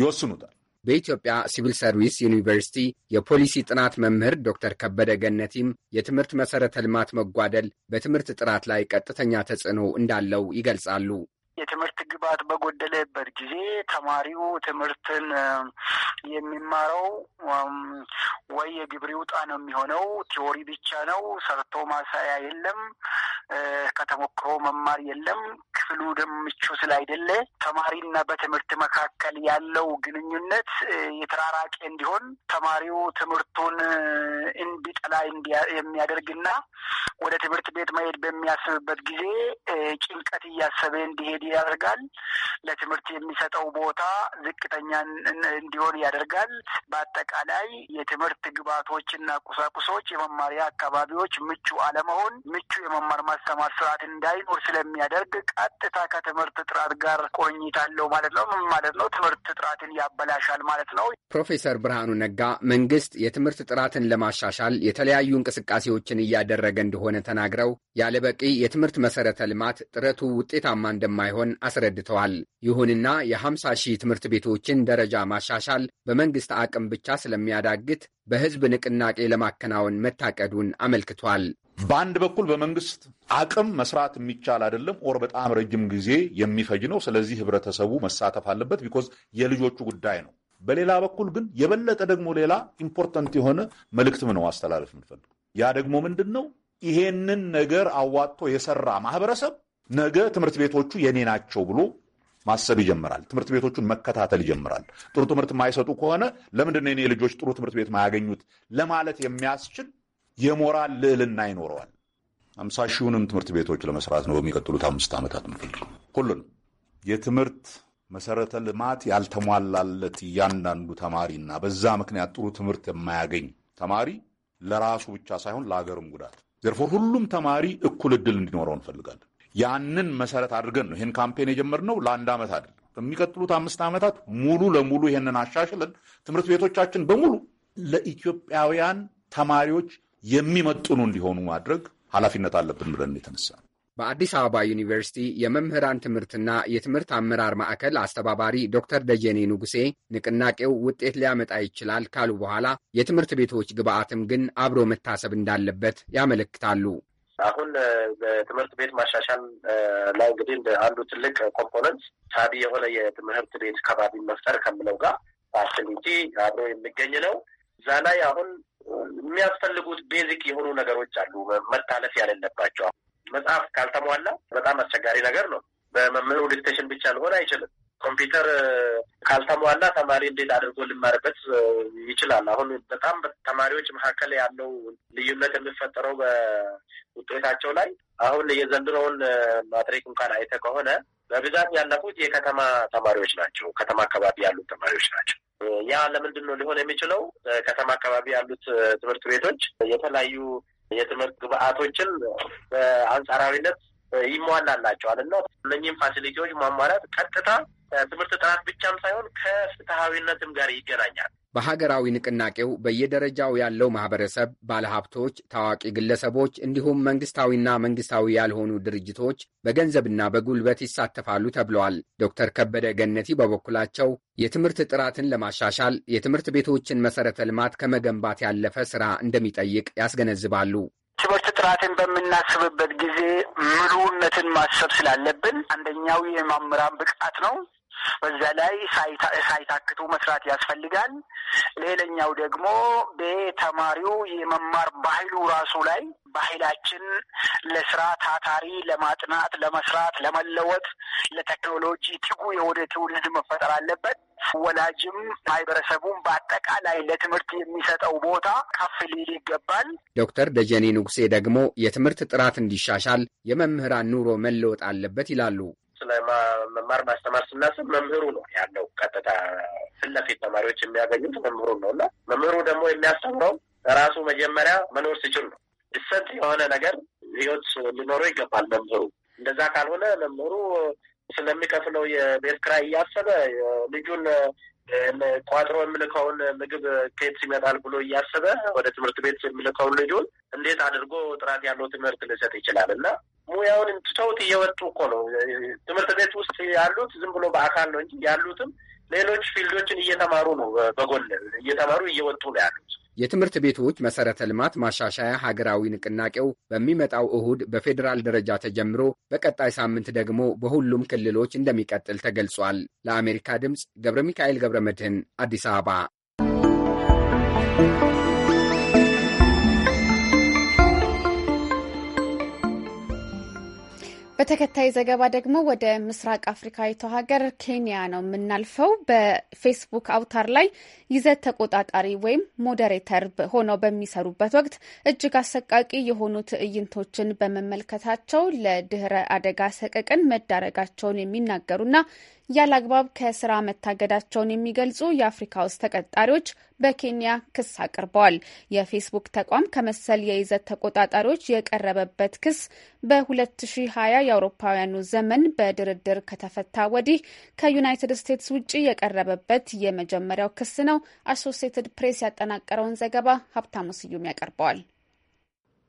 ይወስኑታል። በኢትዮጵያ ሲቪል ሰርቪስ ዩኒቨርሲቲ የፖሊሲ ጥናት መምህር ዶክተር ከበደ ገነቲም የትምህርት መሰረተ ልማት መጓደል በትምህርት ጥራት ላይ ቀጥተኛ ተጽዕኖ እንዳለው ይገልጻሉ። የትምህርት ግብዓት በጎደለበት ጊዜ ተማሪው ትምህርትን የሚማረው ወይ የግብሪ ውጣ ነው የሚሆነው። ቲዎሪ ብቻ ነው። ሰርቶ ማሳያ የለም። ከተሞክሮ መማር የለም። ክፍሉ ደም ምቹ ስላይደለ ተማሪና በትምህርት መካከል ያለው ግንኙነት የተራራቀ እንዲሆን ተማሪው ትምህርቱን እንዲጠላ የሚያደርግና ወደ ትምህርት ቤት መሄድ በሚያስብበት ጊዜ ጭንቀት እያሰበ እንዲሄድ ያደርጋል። ለትምህርት የሚሰጠው ቦታ ዝቅተኛ እንዲሆን ያደርጋል። በአጠቃላይ የትምህርት ግብዓቶችና ቁሳቁሶች፣ የመማሪያ አካባቢዎች ምቹ አለመሆን ምቹ የመማር ማስተማር ስርዓት እንዳይኖር ስለሚያደርግ ቀጥታ ከትምህርት ጥራት ጋር ቁርኝት አለው ማለት ነው። ምን ማለት ነው? ትምህርት ጥራትን ያበላሻል ማለት ነው። ፕሮፌሰር ብርሃኑ ነጋ መንግስት የትምህርት ጥራትን ለማሻሻል የተለያዩ እንቅስቃሴዎችን እያደረገ እንደሆነ ተናግረው ያለበቂ የትምህርት መሰረተ ልማት ጥረቱ ውጤታማ እንደማይሆን እንደማይሆን አስረድተዋል። ይሁንና የ50 ሺህ ትምህርት ቤቶችን ደረጃ ማሻሻል በመንግሥት አቅም ብቻ ስለሚያዳግት በሕዝብ ንቅናቄ ለማከናወን መታቀዱን አመልክቷል። በአንድ በኩል በመንግስት አቅም መስራት የሚቻል አይደለም፣ ኦር በጣም ረጅም ጊዜ የሚፈጅ ነው። ስለዚህ ህብረተሰቡ መሳተፍ አለበት፣ ቢኮዝ የልጆቹ ጉዳይ ነው። በሌላ በኩል ግን የበለጠ ደግሞ ሌላ ኢምፖርታንት የሆነ መልእክትም ነው ማስተላለፍ የምንፈልገው። ያ ደግሞ ምንድን ነው? ይሄንን ነገር አዋጥቶ የሰራ ማህበረሰብ ነገ ትምህርት ቤቶቹ የኔ ናቸው ብሎ ማሰብ ይጀምራል። ትምህርት ቤቶቹን መከታተል ይጀምራል። ጥሩ ትምህርት የማይሰጡ ከሆነ ለምንድን የኔ ልጆች ጥሩ ትምህርት ቤት ማያገኙት ለማለት የሚያስችል የሞራል ልዕልና ይኖረዋል። አምሳ ሺውንም ትምህርት ቤቶች ለመስራት ነው በሚቀጥሉት አምስት ዓመታት ምንፈልገው። ሁሉንም የትምህርት መሰረተ ልማት ያልተሟላለት እያንዳንዱ እና በዛ ምክንያት ጥሩ ትምህርት የማያገኝ ተማሪ ለራሱ ብቻ ሳይሆን ለሀገርም ጉዳት ዘርፎር ሁሉም ተማሪ እኩል እድል እንዲኖረው እንፈልጋለን። ያንን መሰረት አድርገን ነው ይህን ካምፔን የጀመርነው። ለአንድ ዓመት አይደለም። የሚቀጥሉት አምስት ዓመታት ሙሉ ለሙሉ ይህንን አሻሽለን ትምህርት ቤቶቻችን በሙሉ ለኢትዮጵያውያን ተማሪዎች የሚመጥኑ እንዲሆኑ ማድረግ ኃላፊነት አለብን ብለን የተነሳ በአዲስ አበባ ዩኒቨርሲቲ የመምህራን ትምህርትና የትምህርት አመራር ማዕከል አስተባባሪ ዶክተር ደጀኔ ንጉሴ ንቅናቄው ውጤት ሊያመጣ ይችላል ካሉ በኋላ የትምህርት ቤቶች ግብአትም ግን አብሮ መታሰብ እንዳለበት ያመለክታሉ። አሁን በትምህርት ቤት ማሻሻል ላይ እንግዲህ እንደ አንዱ ትልቅ ኮምፖነንት ሳቢ የሆነ የትምህርት ቤት ከባቢ መፍጠር ከምለው ጋር ፋሲሊቲ አብሮ የሚገኝ ነው። እዛ ላይ አሁን የሚያስፈልጉት ቤዚክ የሆኑ ነገሮች አሉ መታለፍ ያሌለባቸው። መጽሐፍ ካልተሟላ በጣም አስቸጋሪ ነገር ነው። በመምህሩ ዲክቴሽን ብቻ ሊሆን አይችልም። ኮምፒውተር ካልተሟላ ተማሪ እንዴት አድርጎ ልማርበት ይችላል? አሁን በጣም ተማሪዎች መካከል ያለው ልዩነት የሚፈጠረው በውጤታቸው ላይ አሁን የዘንድሮውን ማትሪክ እንኳን አይተ ከሆነ በብዛት ያለፉት የከተማ ተማሪዎች ናቸው። ከተማ አካባቢ ያሉት ተማሪዎች ናቸው። ያ ለምንድን ነው ሊሆን የሚችለው? ከተማ አካባቢ ያሉት ትምህርት ቤቶች የተለያዩ የትምህርት ግብዓቶችን በአንጻራዊነት ይሟላላቸዋል እና እነኚህም ፋሲሊቲዎች ማሟላት ቀጥታ ትምህርት ጥራት ብቻም ሳይሆን ከፍትሐዊነትም ጋር ይገናኛል። በሀገራዊ ንቅናቄው በየደረጃው ያለው ማህበረሰብ፣ ባለሀብቶች፣ ታዋቂ ግለሰቦች እንዲሁም መንግስታዊና መንግስታዊ ያልሆኑ ድርጅቶች በገንዘብና በጉልበት ይሳተፋሉ ተብለዋል። ዶክተር ከበደ ገነቲ በበኩላቸው የትምህርት ጥራትን ለማሻሻል የትምህርት ቤቶችን መሰረተ ልማት ከመገንባት ያለፈ ስራ እንደሚጠይቅ ያስገነዝባሉ። ትምህርት ጥራትን በምናስብበት ጊዜ ምሉውነትን ማሰብ ስላለብን አንደኛው የመምህራን ብቃት ነው። በዛ ላይ ሳይታክቱ መስራት ያስፈልጋል። ሌላኛው ደግሞ በተማሪው የመማር ባህሉ ራሱ ላይ ባህላችን ለስራ ታታሪ፣ ለማጥናት፣ ለመስራት፣ ለመለወጥ፣ ለቴክኖሎጂ ትጉ የወደ ትውልድ መፈጠር አለበት። ወላጅም ማህበረሰቡም በአጠቃላይ ለትምህርት የሚሰጠው ቦታ ከፍ ሊል ይገባል። ዶክተር ደጀኔ ንጉሴ ደግሞ የትምህርት ጥራት እንዲሻሻል የመምህራን ኑሮ መለወጥ አለበት ይላሉ። ስለ መማር ማስተማር ስናስብ መምህሩ ነው ያለው። ቀጥታ ፊት ለፊት ተማሪዎች የሚያገኙት መምህሩን ነው እና መምህሩ ደግሞ የሚያስተምረው ራሱ መጀመሪያ መኖር ሲችል ነው። ድሰት የሆነ ነገር ህይወት ሊኖረው ይገባል መምህሩ። እንደዛ ካልሆነ መምህሩ ስለሚከፍለው የቤት ክራይ እያሰበ ልጁን ቋጥሮ የሚልከውን ምግብ ከየት ይመጣል ብሎ እያሰበ ወደ ትምህርት ቤት የሚልከውን ልጁን እንዴት አድርጎ ጥራት ያለው ትምህርት ሊሰጥ ይችላል? እና ሙያውን ትተውት እየወጡ እኮ ነው። ትምህርት ቤት ውስጥ ያሉት ዝም ብሎ በአካል ነው እንጂ ያሉትም ሌሎች ፊልዶችን እየተማሩ ነው፣ በጎን እየተማሩ እየወጡ ነው ያሉት። የትምህርት ቤቶች መሰረተ ልማት ማሻሻያ ሀገራዊ ንቅናቄው በሚመጣው እሁድ በፌዴራል ደረጃ ተጀምሮ በቀጣይ ሳምንት ደግሞ በሁሉም ክልሎች እንደሚቀጥል ተገልጿል። ለአሜሪካ ድምፅ ገብረ ሚካኤል ገብረ መድህን አዲስ አበባ በተከታይ ዘገባ ደግሞ ወደ ምስራቅ አፍሪካዊቷ ሀገር ኬንያ ነው የምናልፈው። በፌስቡክ አውታር ላይ ይዘት ተቆጣጣሪ ወይም ሞዴሬተር ሆነው በሚሰሩበት ወቅት እጅግ አሰቃቂ የሆኑ ትዕይንቶችን በመመልከታቸው ለድህረ አደጋ ሰቀቅን መዳረጋቸውን የሚናገሩና ያለ አግባብ ከስራ መታገዳቸውን የሚገልጹ የአፍሪካ ውስጥ ተቀጣሪዎች በኬንያ ክስ አቅርበዋል። የፌስቡክ ተቋም ከመሰል የይዘት ተቆጣጣሪዎች የቀረበበት ክስ በ2020 የአውሮፓውያኑ ዘመን በድርድር ከተፈታ ወዲህ ከዩናይትድ ስቴትስ ውጭ የቀረበበት የመጀመሪያው ክስ ነው። አሶሴትድ ፕሬስ ያጠናቀረውን ዘገባ ሀብታሙ ስዩም ያቀርበዋል።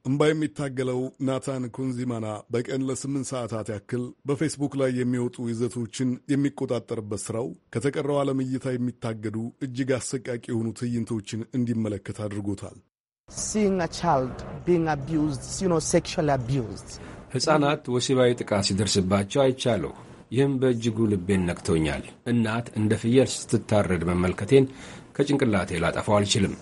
እምባ የሚታገለው ናታን ኩንዚማና በቀን ለስምንት ሰዓታት ያክል በፌስቡክ ላይ የሚወጡ ይዘቶችን የሚቆጣጠርበት ስራው ከተቀረው ዓለም እይታ የሚታገዱ እጅግ አሰቃቂ የሆኑ ትዕይንቶችን እንዲመለከት አድርጎታል። ሕፃናት ወሲባዊ ጥቃት ሲደርስባቸው አይቻለሁ። ይህም በእጅጉ ልቤን ነክቶኛል። እናት እንደ ፍየል ስትታረድ መመልከቴን ከጭንቅላቴ ላጠፋው አልችልም።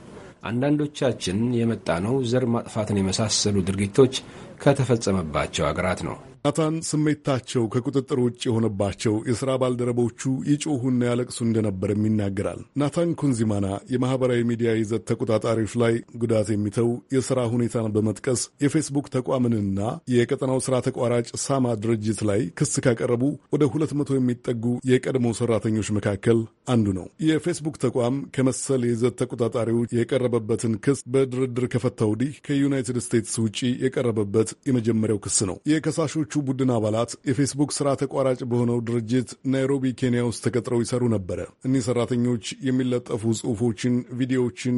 አንዳንዶቻችን የመጣነው ዘር ማጥፋትን የመሳሰሉ ድርጊቶች ከተፈጸመባቸው አገራት ነው። ናታን ስሜታቸው ከቁጥጥር ውጭ የሆነባቸው የሥራ ባልደረቦቹ ይጮሁና ያለቅሱ እንደነበርም ይናገራል። ናታን ኩንዚማና የማኅበራዊ ሚዲያ ይዘት ተቆጣጣሪዎች ላይ ጉዳት የሚተው የሥራ ሁኔታን በመጥቀስ የፌስቡክ ተቋምንና የቀጠናው ሥራ ተቋራጭ ሳማ ድርጅት ላይ ክስ ካቀረቡ ወደ ሁለት መቶ የሚጠጉ የቀድሞ ሠራተኞች መካከል አንዱ ነው። የፌስቡክ ተቋም ከመሰል የይዘት ተቆጣጣሪዎች የቀረበበትን ክስ በድርድር ከፈታ ወዲህ ከዩናይትድ ስቴትስ ውጪ የቀረበበት የመጀመሪያው ክስ ነው። የከሳሾቹ የሟቹ ቡድን አባላት የፌስቡክ ስራ ተቋራጭ በሆነው ድርጅት ናይሮቢ ኬንያ ውስጥ ተቀጥረው ይሰሩ ነበረ። እኒህ ሰራተኞች የሚለጠፉ ጽሑፎችን፣ ቪዲዮዎችን፣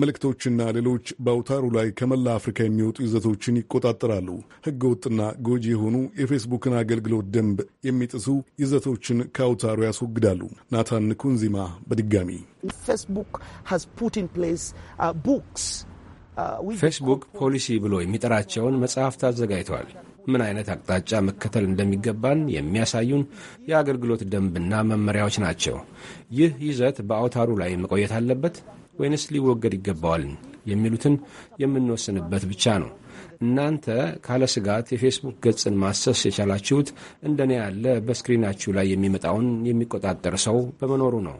መልእክቶችና ሌሎች በአውታሩ ላይ ከመላ አፍሪካ የሚወጡ ይዘቶችን ይቆጣጠራሉ። ሕገ ወጥና ጎጂ የሆኑ የፌስቡክን አገልግሎት ደንብ የሚጥሱ ይዘቶችን ከአውታሩ ያስወግዳሉ። ናታን ኩንዚማ በድጋሚ ፌስቡክ uh, uh, ፖሊሲ ብሎ የሚጠራቸውን መጽሐፍት አዘጋጅተዋል። ምን አይነት አቅጣጫ መከተል እንደሚገባን የሚያሳዩን የአገልግሎት ደንብና መመሪያዎች ናቸው። ይህ ይዘት በአውታሩ ላይ መቆየት አለበት ወይንስ ሊወገድ ይገባዋል የሚሉትን የምንወስንበት ብቻ ነው። እናንተ ካለ ስጋት የፌስቡክ ገጽን ማሰስ የቻላችሁት እንደኔ ያለ በስክሪናችሁ ላይ የሚመጣውን የሚቆጣጠር ሰው በመኖሩ ነው።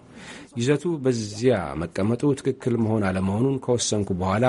ይዘቱ በዚያ መቀመጡ ትክክል መሆን አለመሆኑን ከወሰንኩ በኋላ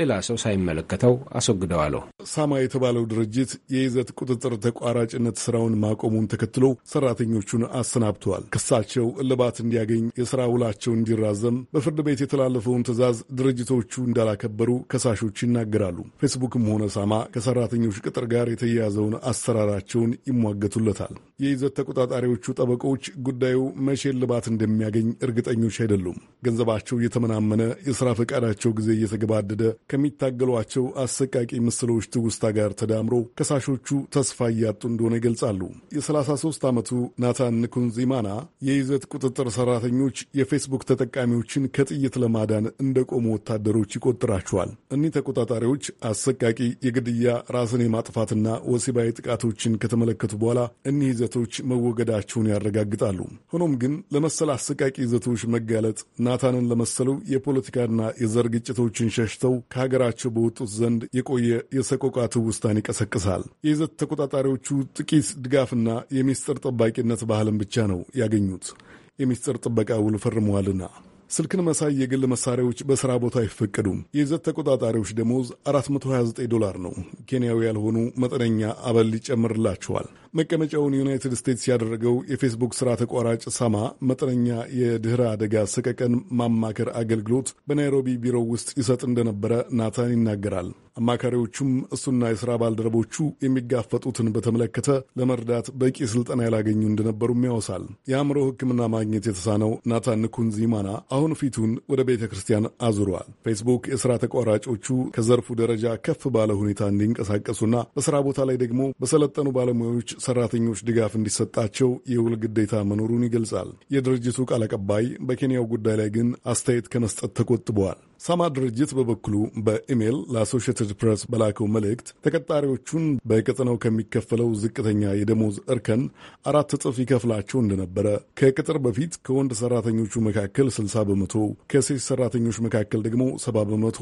ሌላ ሰው ሳይመለከተው አስወግደዋለሁ። ሳማ የተባለው ድርጅት የይዘት ቁጥጥር ተቋራጭነት ስራውን ማቆሙን ተከትሎ ሰራተኞቹን አሰናብተዋል። ክሳቸው እልባት እንዲያገኝ የስራ ውላቸው እንዲራዘም በፍርድ ቤት የተላለፈውን ትዕዛዝ ድርጅቶቹ እንዳላከበሩ ከሳሾች ይናገራሉ። ፌስቡክም ሆነ ሳማ ከሰራተኞች ቅጥር ጋር የተያያዘውን አሰራራቸውን ይሟገቱለታል። የይዘት ተቆጣጣሪዎቹ ጠበቆች ጉዳዩ መቼ እልባት እንደሚያገኝ እርግጠኞች አይደሉም። ገንዘባቸው እየተመናመነ የሥራ ፈቃዳቸው ጊዜ እየተገባደደ ከሚታገሏቸው አሰቃቂ ምስሎች ትውስታ ጋር ተዳምሮ ከሳሾቹ ተስፋ እያጡ እንደሆነ ይገልጻሉ። የ33 ዓመቱ ናታን ንኩንዚማና የይዘት ቁጥጥር ሠራተኞች የፌስቡክ ተጠቃሚዎችን ከጥይት ለማዳን እንደቆሙ ወታደሮች ይቆጥራቸዋል። እኒህ ተቆጣጣሪዎች አሰቃቂ የግድያ ራስን የማጥፋትና ወሲባዊ ጥቃቶችን ከተመለከቱ በኋላ እኒህ ይዘት ይዘቶች መወገዳቸውን ያረጋግጣሉ። ሆኖም ግን ለመሰል አሰቃቂ ይዘቶች መጋለጥ ናታንን ለመሰሉ የፖለቲካና የዘር ግጭቶችን ሸሽተው ከሀገራቸው በወጡት ዘንድ የቆየ የሰቆቃ ትውስታን ይቀሰቅሳል። የይዘት ተቆጣጣሪዎቹ ጥቂት ድጋፍና የሚስጥር ጠባቂነት ባህልን ብቻ ነው ያገኙት። የሚስጥር ጥበቃ ውል ፈርመዋልና ስልክን መሳይ የግል መሳሪያዎች በሥራ ቦታ አይፈቀዱም። የይዘት ተቆጣጣሪዎች ደሞዝ 429 ዶላር ነው። ኬንያዊ ያልሆኑ መጠነኛ አበል ሊጨምርላቸዋል። መቀመጫውን ዩናይትድ ስቴትስ ያደረገው የፌስቡክ ሥራ ተቋራጭ ሳማ መጠነኛ የድኅረ አደጋ ሰቀቀን ማማከር አገልግሎት በናይሮቢ ቢሮው ውስጥ ይሰጥ እንደነበረ ናታን ይናገራል። አማካሪዎቹም እሱና የሥራ ባልደረቦቹ የሚጋፈጡትን በተመለከተ ለመርዳት በቂ ስልጠና ያላገኙ እንደነበሩም ያወሳል። የአእምሮ ሕክምና ማግኘት የተሳነው ናታን ንኩንዚማና አሁን ፊቱን ወደ ቤተ ክርስቲያን አዙረዋል። ፌስቡክ የሥራ ተቋራጮቹ ከዘርፉ ደረጃ ከፍ ባለ ሁኔታ እንዲንቀሳቀሱና በሥራ ቦታ ላይ ደግሞ በሰለጠኑ ባለሙያዎች ሰራተኞች ድጋፍ እንዲሰጣቸው የውል ግዴታ መኖሩን ይገልጻል። የድርጅቱ ቃል አቀባይ በኬንያው ጉዳይ ላይ ግን አስተያየት ከመስጠት ተቆጥበዋል። ሳማ ድርጅት በበኩሉ በኢሜይል ለአሶሽትድ ፕሬስ በላከው መልእክት ተቀጣሪዎቹን በቀጠናው ከሚከፈለው ዝቅተኛ የደሞዝ እርከን አራት እጥፍ ይከፍላቸው እንደነበረ፣ ከቅጥር በፊት ከወንድ ሰራተኞቹ መካከል 60 በመቶ፣ ከሴት ሰራተኞች መካከል ደግሞ 70 በመቶ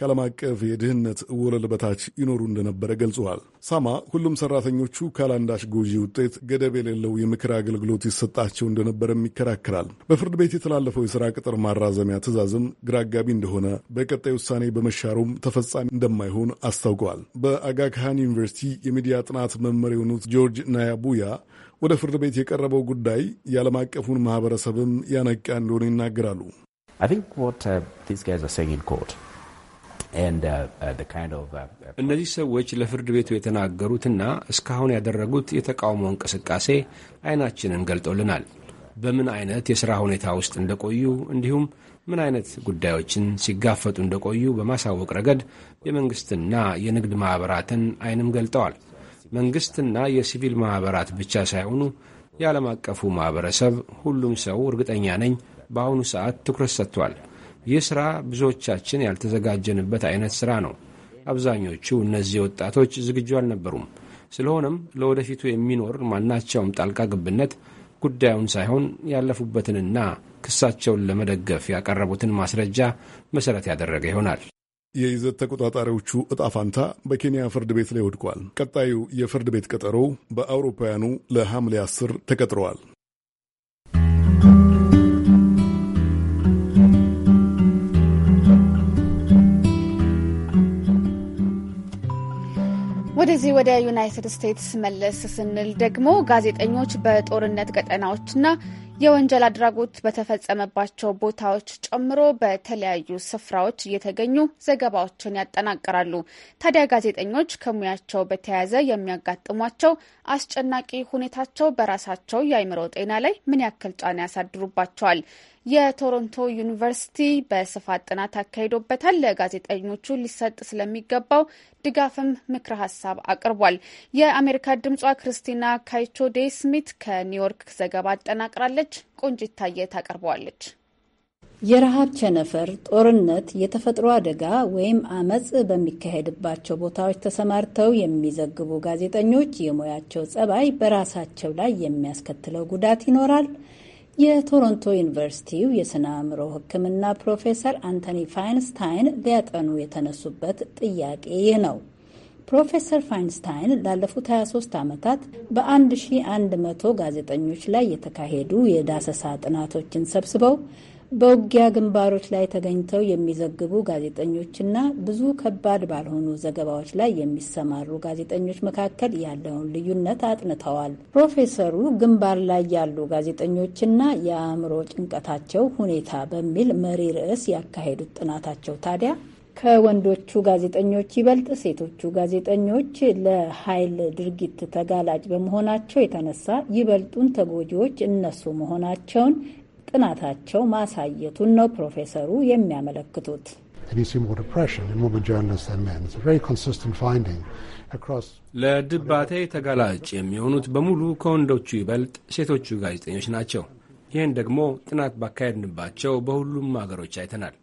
ከዓለም አቀፍ የድህነት ወለል በታች ይኖሩ እንደነበረ ገልጸዋል። ሳማ ሁሉም ሰራተኞቹ ካላንዳሽ ጎጂ ውጤት ገደብ የሌለው የምክር አገልግሎት ይሰጣቸው እንደነበረም ይከራከራል። በፍርድ ቤት የተላለፈው የሥራ ቅጥር ማራዘሚያ ትእዛዝም ግራ አጋቢ እንደሆነ እንደሆነ በቀጣይ ውሳኔ በመሻሩም ተፈጻሚ እንደማይሆን አስታውቀዋል። በአጋካሃን ዩኒቨርሲቲ የሚዲያ ጥናት መምህር የሆኑት ጆርጅ ናያቡያ ወደ ፍርድ ቤት የቀረበው ጉዳይ የዓለም አቀፉን ማህበረሰብም ያነቃ እንደሆነ ይናገራሉ። uh, uh, uh, እነዚህ ሰዎች ለፍርድ ቤቱ የተናገሩትና እስካሁን ያደረጉት የተቃውሞ እንቅስቃሴ አይናችንን ገልጦልናል። በምን አይነት የሥራ ሁኔታ ውስጥ እንደቆዩ እንዲሁም ምን አይነት ጉዳዮችን ሲጋፈጡ እንደቆዩ በማሳወቅ ረገድ የመንግሥትና የንግድ ማኅበራትን አይንም ገልጠዋል። መንግሥትና የሲቪል ማኅበራት ብቻ ሳይሆኑ የዓለም አቀፉ ማኅበረሰብ ሁሉም ሰው እርግጠኛ ነኝ በአሁኑ ሰዓት ትኩረት ሰጥቷል። ይህ ሥራ ብዙዎቻችን ያልተዘጋጀንበት አይነት ሥራ ነው። አብዛኞቹ እነዚህ ወጣቶች ዝግጁ አልነበሩም። ስለሆነም ለወደፊቱ የሚኖር ማናቸውም ጣልቃ ግብነት ጉዳዩን ሳይሆን ያለፉበትንና ክሳቸውን ለመደገፍ ያቀረቡትን ማስረጃ መሠረት ያደረገ ይሆናል። የይዘት ተቆጣጣሪዎቹ እጣ ፋንታ በኬንያ ፍርድ ቤት ላይ ወድቋል። ቀጣዩ የፍርድ ቤት ቀጠሮ በአውሮፓውያኑ ለሐምሌ 10 ተቀጥረዋል። ወደዚህ ወደ ዩናይትድ ስቴትስ መለስ ስንል ደግሞ ጋዜጠኞች በጦርነት ቀጠናዎችና የወንጀል አድራጎት በተፈጸመባቸው ቦታዎች ጨምሮ በተለያዩ ስፍራዎች እየተገኙ ዘገባዎችን ያጠናቅራሉ። ታዲያ ጋዜጠኞች ከሙያቸው በተያያዘ የሚያጋጥሟቸው አስጨናቂ ሁኔታቸው በራሳቸው የአእምሮ ጤና ላይ ምን ያክል ጫና ያሳድሩባቸዋል? የቶሮንቶ ዩኒቨርሲቲ በስፋት ጥናት አካሂዶበታል። ለጋዜጠኞቹ ሊሰጥ ስለሚገባው ድጋፍም ምክረ ሀሳብ አቅርቧል። የአሜሪካ ድምጿ ክርስቲና ዴ ስሚት ከኒውዮርክ ዘገባ አጠናቅራለች። ቆንጂት ታየ ታቀርበዋለች። የረሃብ ቸነፈር፣ ጦርነት፣ የተፈጥሮ አደጋ ወይም አመጽ በሚካሄድባቸው ቦታዎች ተሰማርተው የሚዘግቡ ጋዜጠኞች የሙያቸው ጸባይ በራሳቸው ላይ የሚያስከትለው ጉዳት ይኖራል የቶሮንቶ ዩኒቨርሲቲው የስነ አእምሮ ሕክምና ፕሮፌሰር አንቶኒ ፋይንስታይን ሊያጠኑ የተነሱበት ጥያቄ ይህ ነው። ፕሮፌሰር ፋይንስታይን ላለፉት 23 ዓመታት በ1100 ጋዜጠኞች ላይ የተካሄዱ የዳሰሳ ጥናቶችን ሰብስበው በውጊያ ግንባሮች ላይ ተገኝተው የሚዘግቡ ጋዜጠኞችና ብዙ ከባድ ባልሆኑ ዘገባዎች ላይ የሚሰማሩ ጋዜጠኞች መካከል ያለውን ልዩነት አጥንተዋል። ፕሮፌሰሩ ግንባር ላይ ያሉ ጋዜጠኞችና የአእምሮ ጭንቀታቸው ሁኔታ በሚል መሪ ርዕስ ያካሄዱት ጥናታቸው ታዲያ ከወንዶቹ ጋዜጠኞች ይበልጥ ሴቶቹ ጋዜጠኞች ለኃይል ድርጊት ተጋላጭ በመሆናቸው የተነሳ ይበልጡን ተጎጂዎች እነሱ መሆናቸውን ጥናታቸው ማሳየቱን ነው ፕሮፌሰሩ የሚያመለክቱት። ለድባቴ ተጋላጭ የሚሆኑት በሙሉ ከወንዶቹ ይበልጥ ሴቶቹ ጋዜጠኞች ናቸው። ይህን ደግሞ ጥናት ባካሄድንባቸው በሁሉም አገሮች አይተናል።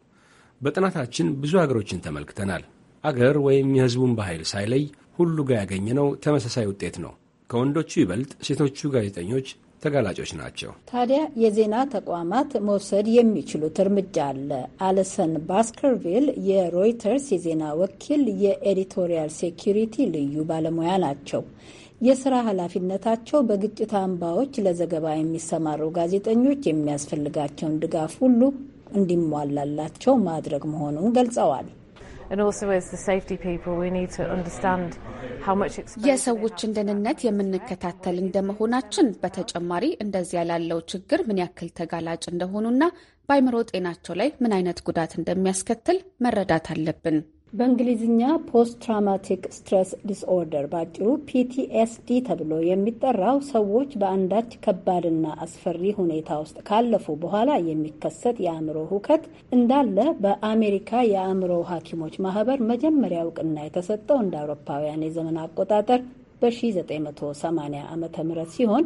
በጥናታችን ብዙ አገሮችን ተመልክተናል። አገር ወይም የሕዝቡን ባህል ሳይለይ ሁሉ ጋር ያገኘነው ተመሳሳይ ውጤት ነው። ከወንዶቹ ይበልጥ ሴቶቹ ጋዜጠኞች ተጋላጮች ናቸው። ታዲያ የዜና ተቋማት መውሰድ የሚችሉት እርምጃ አለ። አለሰን ባስከርቪል የሮይተርስ የዜና ወኪል የኤዲቶሪያል ሴኪሪቲ ልዩ ባለሙያ ናቸው። የስራ ኃላፊነታቸው በግጭት አምባዎች ለዘገባ የሚሰማሩ ጋዜጠኞች የሚያስፈልጋቸውን ድጋፍ ሁሉ እንዲሟላላቸው ማድረግ መሆኑን ገልጸዋል። የሰዎችን ደህንነት የምንከታተል እንደመሆናችን በተጨማሪ እንደዚያ ላለው ችግር ምን ያክል ተጋላጭ እንደሆኑና በአይምሮ ጤናቸው ላይ ምን አይነት ጉዳት እንደሚያስከትል መረዳት አለብን። በእንግሊዝኛ ፖስት ትራማቲክ ስትረስ ዲስኦርደር በአጭሩ ፒቲኤስዲ ተብሎ የሚጠራው ሰዎች በአንዳች ከባድና አስፈሪ ሁኔታ ውስጥ ካለፉ በኋላ የሚከሰት የአእምሮ ሁከት እንዳለ በአሜሪካ የአእምሮ ሐኪሞች ማህበር መጀመሪያ እውቅና የተሰጠው እንደ አውሮፓውያን የዘመን አቆጣጠር በ1980 ዓ ም ሲሆን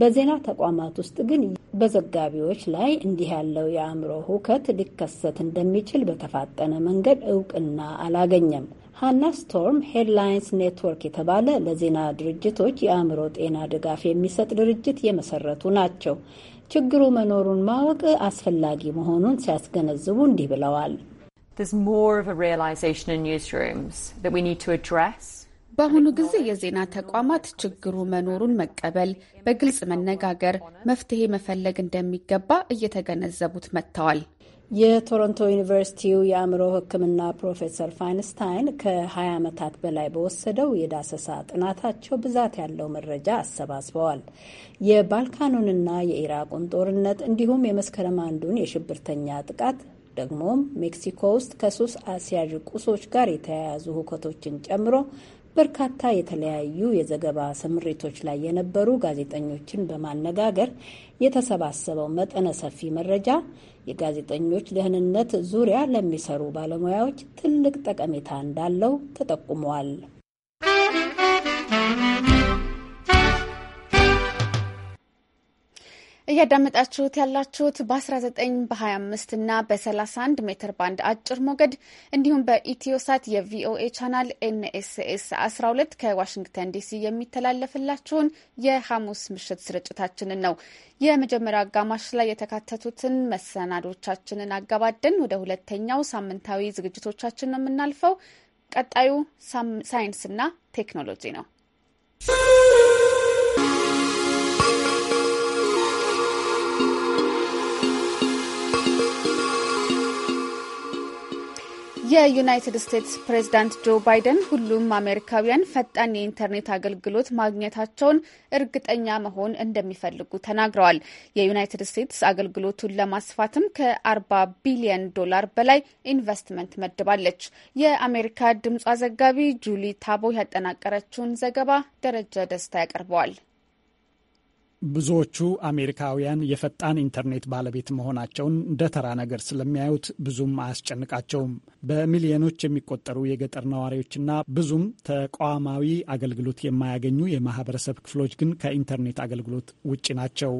በዜና ተቋማት ውስጥ ግን በዘጋቢዎች ላይ እንዲህ ያለው የአእምሮ ሁከት ሊከሰት እንደሚችል በተፋጠነ መንገድ እውቅና አላገኘም። ሃና ስቶርም ሄድላይንስ ኔትወርክ የተባለ ለዜና ድርጅቶች የአእምሮ ጤና ድጋፍ የሚሰጥ ድርጅት የመሰረቱ ናቸው። ችግሩ መኖሩን ማወቅ አስፈላጊ መሆኑን ሲያስገነዝቡ እንዲህ ብለዋል። በአሁኑ ጊዜ የዜና ተቋማት ችግሩ መኖሩን መቀበል፣ በግልጽ መነጋገር፣ መፍትሄ መፈለግ እንደሚገባ እየተገነዘቡት መጥተዋል። የቶሮንቶ ዩኒቨርሲቲው የአእምሮ ሕክምና ፕሮፌሰር ፋይንስታይን ከ20 ዓመታት በላይ በወሰደው የዳሰሳ ጥናታቸው ብዛት ያለው መረጃ አሰባስበዋል። የባልካኑንና የኢራቁን ጦርነት እንዲሁም የመስከረም አንዱን የሽብርተኛ ጥቃት ደግሞም ሜክሲኮ ውስጥ ከሱስ አስያዥ ቁሶች ጋር የተያያዙ ሁከቶችን ጨምሮ በርካታ የተለያዩ የዘገባ ስምሪቶች ላይ የነበሩ ጋዜጠኞችን በማነጋገር የተሰባሰበው መጠነ ሰፊ መረጃ የጋዜጠኞች ደህንነት ዙሪያ ለሚሰሩ ባለሙያዎች ትልቅ ጠቀሜታ እንዳለው ተጠቁመዋል። እያዳመጣችሁት ያላችሁት በ19 በ25 እና በ31 ሜትር ባንድ አጭር ሞገድ እንዲሁም በኢትዮሳት የቪኦኤ ቻናል ኤንኤስኤስ 12 ከዋሽንግተን ዲሲ የሚተላለፍላችሁን የሐሙስ ምሽት ስርጭታችንን ነው። የመጀመሪያው አጋማሽ ላይ የተካተቱትን መሰናዶቻችንን አጋባደን ወደ ሁለተኛው ሳምንታዊ ዝግጅቶቻችን ነው የምናልፈው። ቀጣዩ ሳይንስና ቴክኖሎጂ ነው። የዩናይትድ ስቴትስ ፕሬዝዳንት ጆ ባይደን ሁሉም አሜሪካውያን ፈጣን የኢንተርኔት አገልግሎት ማግኘታቸውን እርግጠኛ መሆን እንደሚፈልጉ ተናግረዋል። የዩናይትድ ስቴትስ አገልግሎቱን ለማስፋትም ከ40 ቢሊዮን ዶላር በላይ ኢንቨስትመንት መድባለች። የአሜሪካ ድምጿ ዘጋቢ ጁሊ ታቦ ያጠናቀረችውን ዘገባ ደረጀ ደስታ ያቀርበዋል። ብዙዎቹ አሜሪካውያን የፈጣን ኢንተርኔት ባለቤት መሆናቸውን እንደ ተራ ነገር ስለሚያዩት ብዙም አያስጨንቃቸውም። በሚሊዮኖች የሚቆጠሩ የገጠር ነዋሪዎችና ብዙም ተቋማዊ አገልግሎት የማያገኙ የማህበረሰብ ክፍሎች ግን ከኢንተርኔት አገልግሎት ውጭ ናቸው።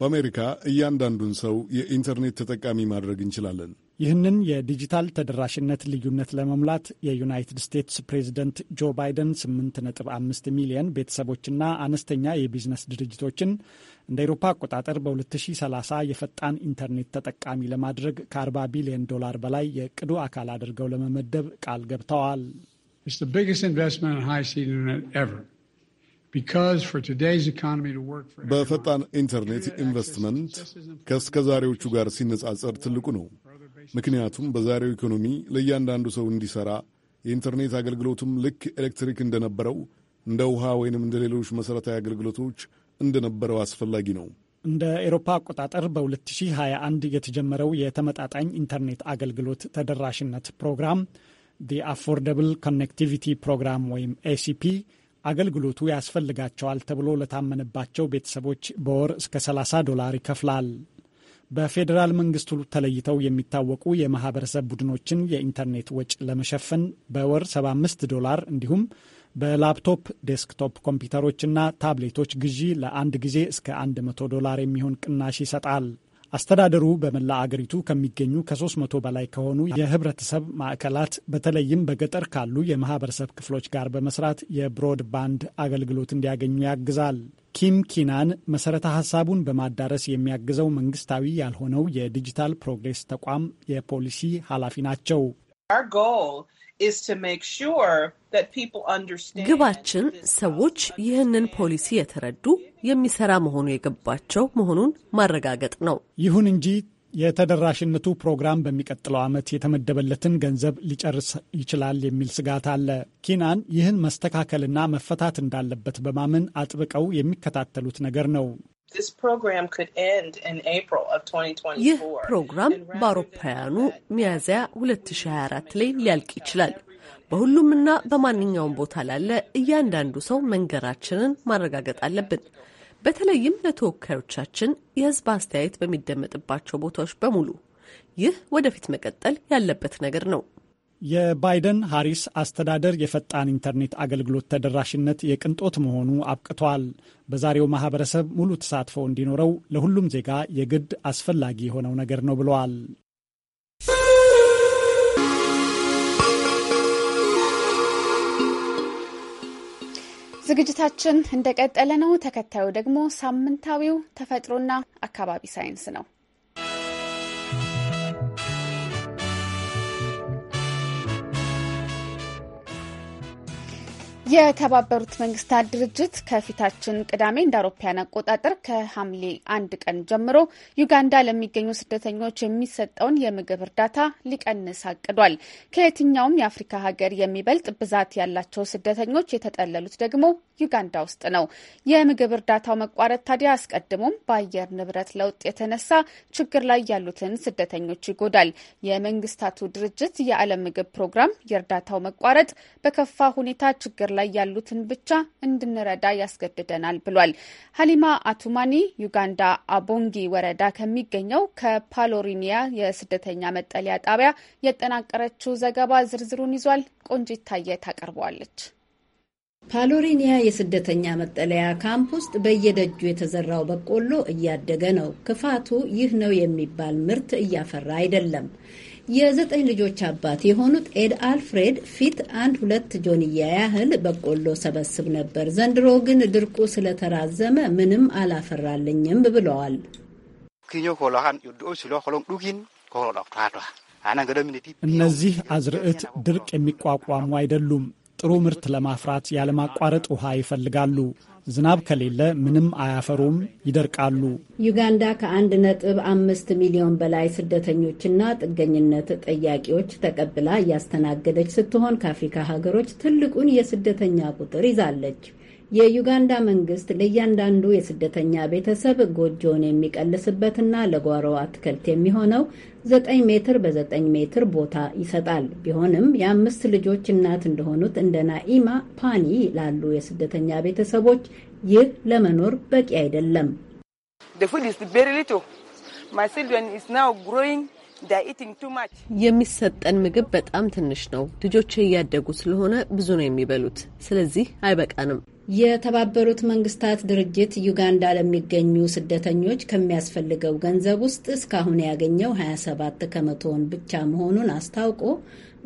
በአሜሪካ እያንዳንዱን ሰው የኢንተርኔት ተጠቃሚ ማድረግ እንችላለን። ይህንን የዲጂታል ተደራሽነት ልዩነት ለመሙላት የዩናይትድ ስቴትስ ፕሬዝደንት ጆ ባይደን 8.5 ሚሊዮን ቤተሰቦችና አነስተኛ የቢዝነስ ድርጅቶችን እንደ አውሮፓ አቆጣጠር በ2030 የፈጣን ኢንተርኔት ተጠቃሚ ለማድረግ ከ40 ቢሊዮን ዶላር በላይ የእቅዱ አካል አድርገው ለመመደብ ቃል ገብተዋል። በፈጣን ኢንተርኔት ኢንቨስትመንት ከእስከ ዛሬዎቹ ጋር ሲነጻጸር ትልቁ ነው። ምክንያቱም በዛሬው ኢኮኖሚ ለእያንዳንዱ ሰው እንዲሠራ የኢንተርኔት አገልግሎቱም ልክ ኤሌክትሪክ እንደነበረው እንደ ውሃ ወይንም እንደ ሌሎች መሠረታዊ አገልግሎቶች እንደነበረው አስፈላጊ ነው። እንደ ኤሮፓ አቆጣጠር በ2021 የተጀመረው የተመጣጣኝ ኢንተርኔት አገልግሎት ተደራሽነት ፕሮግራም ዲ አፎርደብል ኮኔክቲቪቲ ፕሮግራም ወይም ኤሲፒ አገልግሎቱ ያስፈልጋቸዋል ተብሎ ለታመነባቸው ቤተሰቦች በወር እስከ 30 ዶላር ይከፍላል። በፌዴራል መንግስቱ ተለይተው የሚታወቁ የማህበረሰብ ቡድኖችን የኢንተርኔት ወጪ ለመሸፈን በወር 75 ዶላር እንዲሁም በላፕቶፕ ዴስክቶፕ ኮምፒውተሮችና ታብሌቶች ግዢ ለአንድ ጊዜ እስከ 100 ዶላር የሚሆን ቅናሽ ይሰጣል። አስተዳደሩ በመላ አገሪቱ ከሚገኙ ከ300 በላይ ከሆኑ የህብረተሰብ ማዕከላት በተለይም በገጠር ካሉ የማህበረሰብ ክፍሎች ጋር በመስራት የብሮድባንድ አገልግሎት እንዲያገኙ ያግዛል። ኪም ኪናን መሰረተ ሀሳቡን በማዳረስ የሚያግዘው መንግስታዊ ያልሆነው የዲጂታል ፕሮግሬስ ተቋም የፖሊሲ ኃላፊ ናቸው። ግባችን ሰዎች ይህንን ፖሊሲ የተረዱ የሚሰራ መሆኑ የገባቸው መሆኑን ማረጋገጥ ነው። ይሁን እንጂ የተደራሽነቱ ፕሮግራም በሚቀጥለው ዓመት የተመደበለትን ገንዘብ ሊጨርስ ይችላል የሚል ስጋት አለ። ኪናን ይህን መስተካከልና መፈታት እንዳለበት በማመን አጥብቀው የሚከታተሉት ነገር ነው። ይህ ፕሮግራም በአውሮፓውያኑ ሚያዝያ 2024 ላይ ሊያልቅ ይችላል። በሁሉምና በማንኛውም ቦታ ላለ እያንዳንዱ ሰው መንገራችንን ማረጋገጥ አለብን። በተለይም ለተወካዮቻችን የህዝብ አስተያየት በሚደመጥባቸው ቦታዎች በሙሉ። ይህ ወደፊት መቀጠል ያለበት ነገር ነው። የባይደን ሃሪስ አስተዳደር የፈጣን ኢንተርኔት አገልግሎት ተደራሽነት የቅንጦት መሆኑ አብቅቷል። በዛሬው ማህበረሰብ ሙሉ ተሳትፎ እንዲኖረው ለሁሉም ዜጋ የግድ አስፈላጊ የሆነው ነገር ነው ብለዋል። ዝግጅታችን እንደቀጠለ ነው። ተከታዩ ደግሞ ሳምንታዊው ተፈጥሮና አካባቢ ሳይንስ ነው። የተባበሩት መንግስታት ድርጅት ከፊታችን ቅዳሜ እንደ አውሮፓውያን አቆጣጠር ከሐምሌ አንድ ቀን ጀምሮ ዩጋንዳ ለሚገኙ ስደተኞች የሚሰጠውን የምግብ እርዳታ ሊቀንስ አቅዷል። ከየትኛውም የአፍሪካ ሀገር የሚበልጥ ብዛት ያላቸው ስደተኞች የተጠለሉት ደግሞ ዩጋንዳ ውስጥ ነው። የምግብ እርዳታው መቋረጥ ታዲያ አስቀድሞም በአየር ንብረት ለውጥ የተነሳ ችግር ላይ ያሉትን ስደተኞች ይጎዳል። የመንግስታቱ ድርጅት የዓለም ምግብ ፕሮግራም የእርዳታው መቋረጥ በከፋ ሁኔታ ችግር ላይ ላይ ያሉትን ብቻ እንድንረዳ ያስገድደናል ብሏል። ሀሊማ አቱማኒ ዩጋንዳ አቦንጊ ወረዳ ከሚገኘው ከፓሎሪኒያ የስደተኛ መጠለያ ጣቢያ ያጠናቀረችው ዘገባ ዝርዝሩን ይዟል። ቆንጂት ታየ ታቀርበዋለች። ፓሎሪኒያ የስደተኛ መጠለያ ካምፕ ውስጥ በየደጁ የተዘራው በቆሎ እያደገ ነው። ክፋቱ ይህ ነው የሚባል ምርት እያፈራ አይደለም። የዘጠኝ ልጆች አባት የሆኑት ኤድ አልፍሬድ ፊት አንድ ሁለት ጆንያ ያህል በቆሎ ሰበስብ ነበር። ዘንድሮ ግን ድርቁ ስለተራዘመ ምንም አላፈራልኝም ብለዋል። እነዚህ አዝርዕት ድርቅ የሚቋቋሙ አይደሉም። ጥሩ ምርት ለማፍራት ያለማቋረጥ ውሃ ይፈልጋሉ። ዝናብ ከሌለ ምንም አያፈሩም፣ ይደርቃሉ። ዩጋንዳ ከአንድ ነጥብ አምስት ሚሊዮን በላይ ስደተኞችና ጥገኝነት ጠያቂዎች ተቀብላ እያስተናገደች ስትሆን ከአፍሪካ ሀገሮች ትልቁን የስደተኛ ቁጥር ይዛለች። የዩጋንዳ መንግስት ለእያንዳንዱ የስደተኛ ቤተሰብ ጎጆውን የሚቀልስበትና ለጓሮ አትክልት የሚሆነው ዘጠኝ ሜትር በዘጠኝ ሜትር ቦታ ይሰጣል። ቢሆንም የአምስት ልጆች እናት እንደሆኑት እንደ ናኢማ ፓኒ ላሉ የስደተኛ ቤተሰቦች ይህ ለመኖር በቂ አይደለም። የሚሰጠን ምግብ በጣም ትንሽ ነው። ልጆች እያደጉ ስለሆነ ብዙ ነው የሚበሉት። ስለዚህ አይበቃንም። የተባበሩት መንግስታት ድርጅት ዩጋንዳ ለሚገኙ ስደተኞች ከሚያስፈልገው ገንዘብ ውስጥ እስካሁን ያገኘው 27 ከመቶውን ብቻ መሆኑን አስታውቆ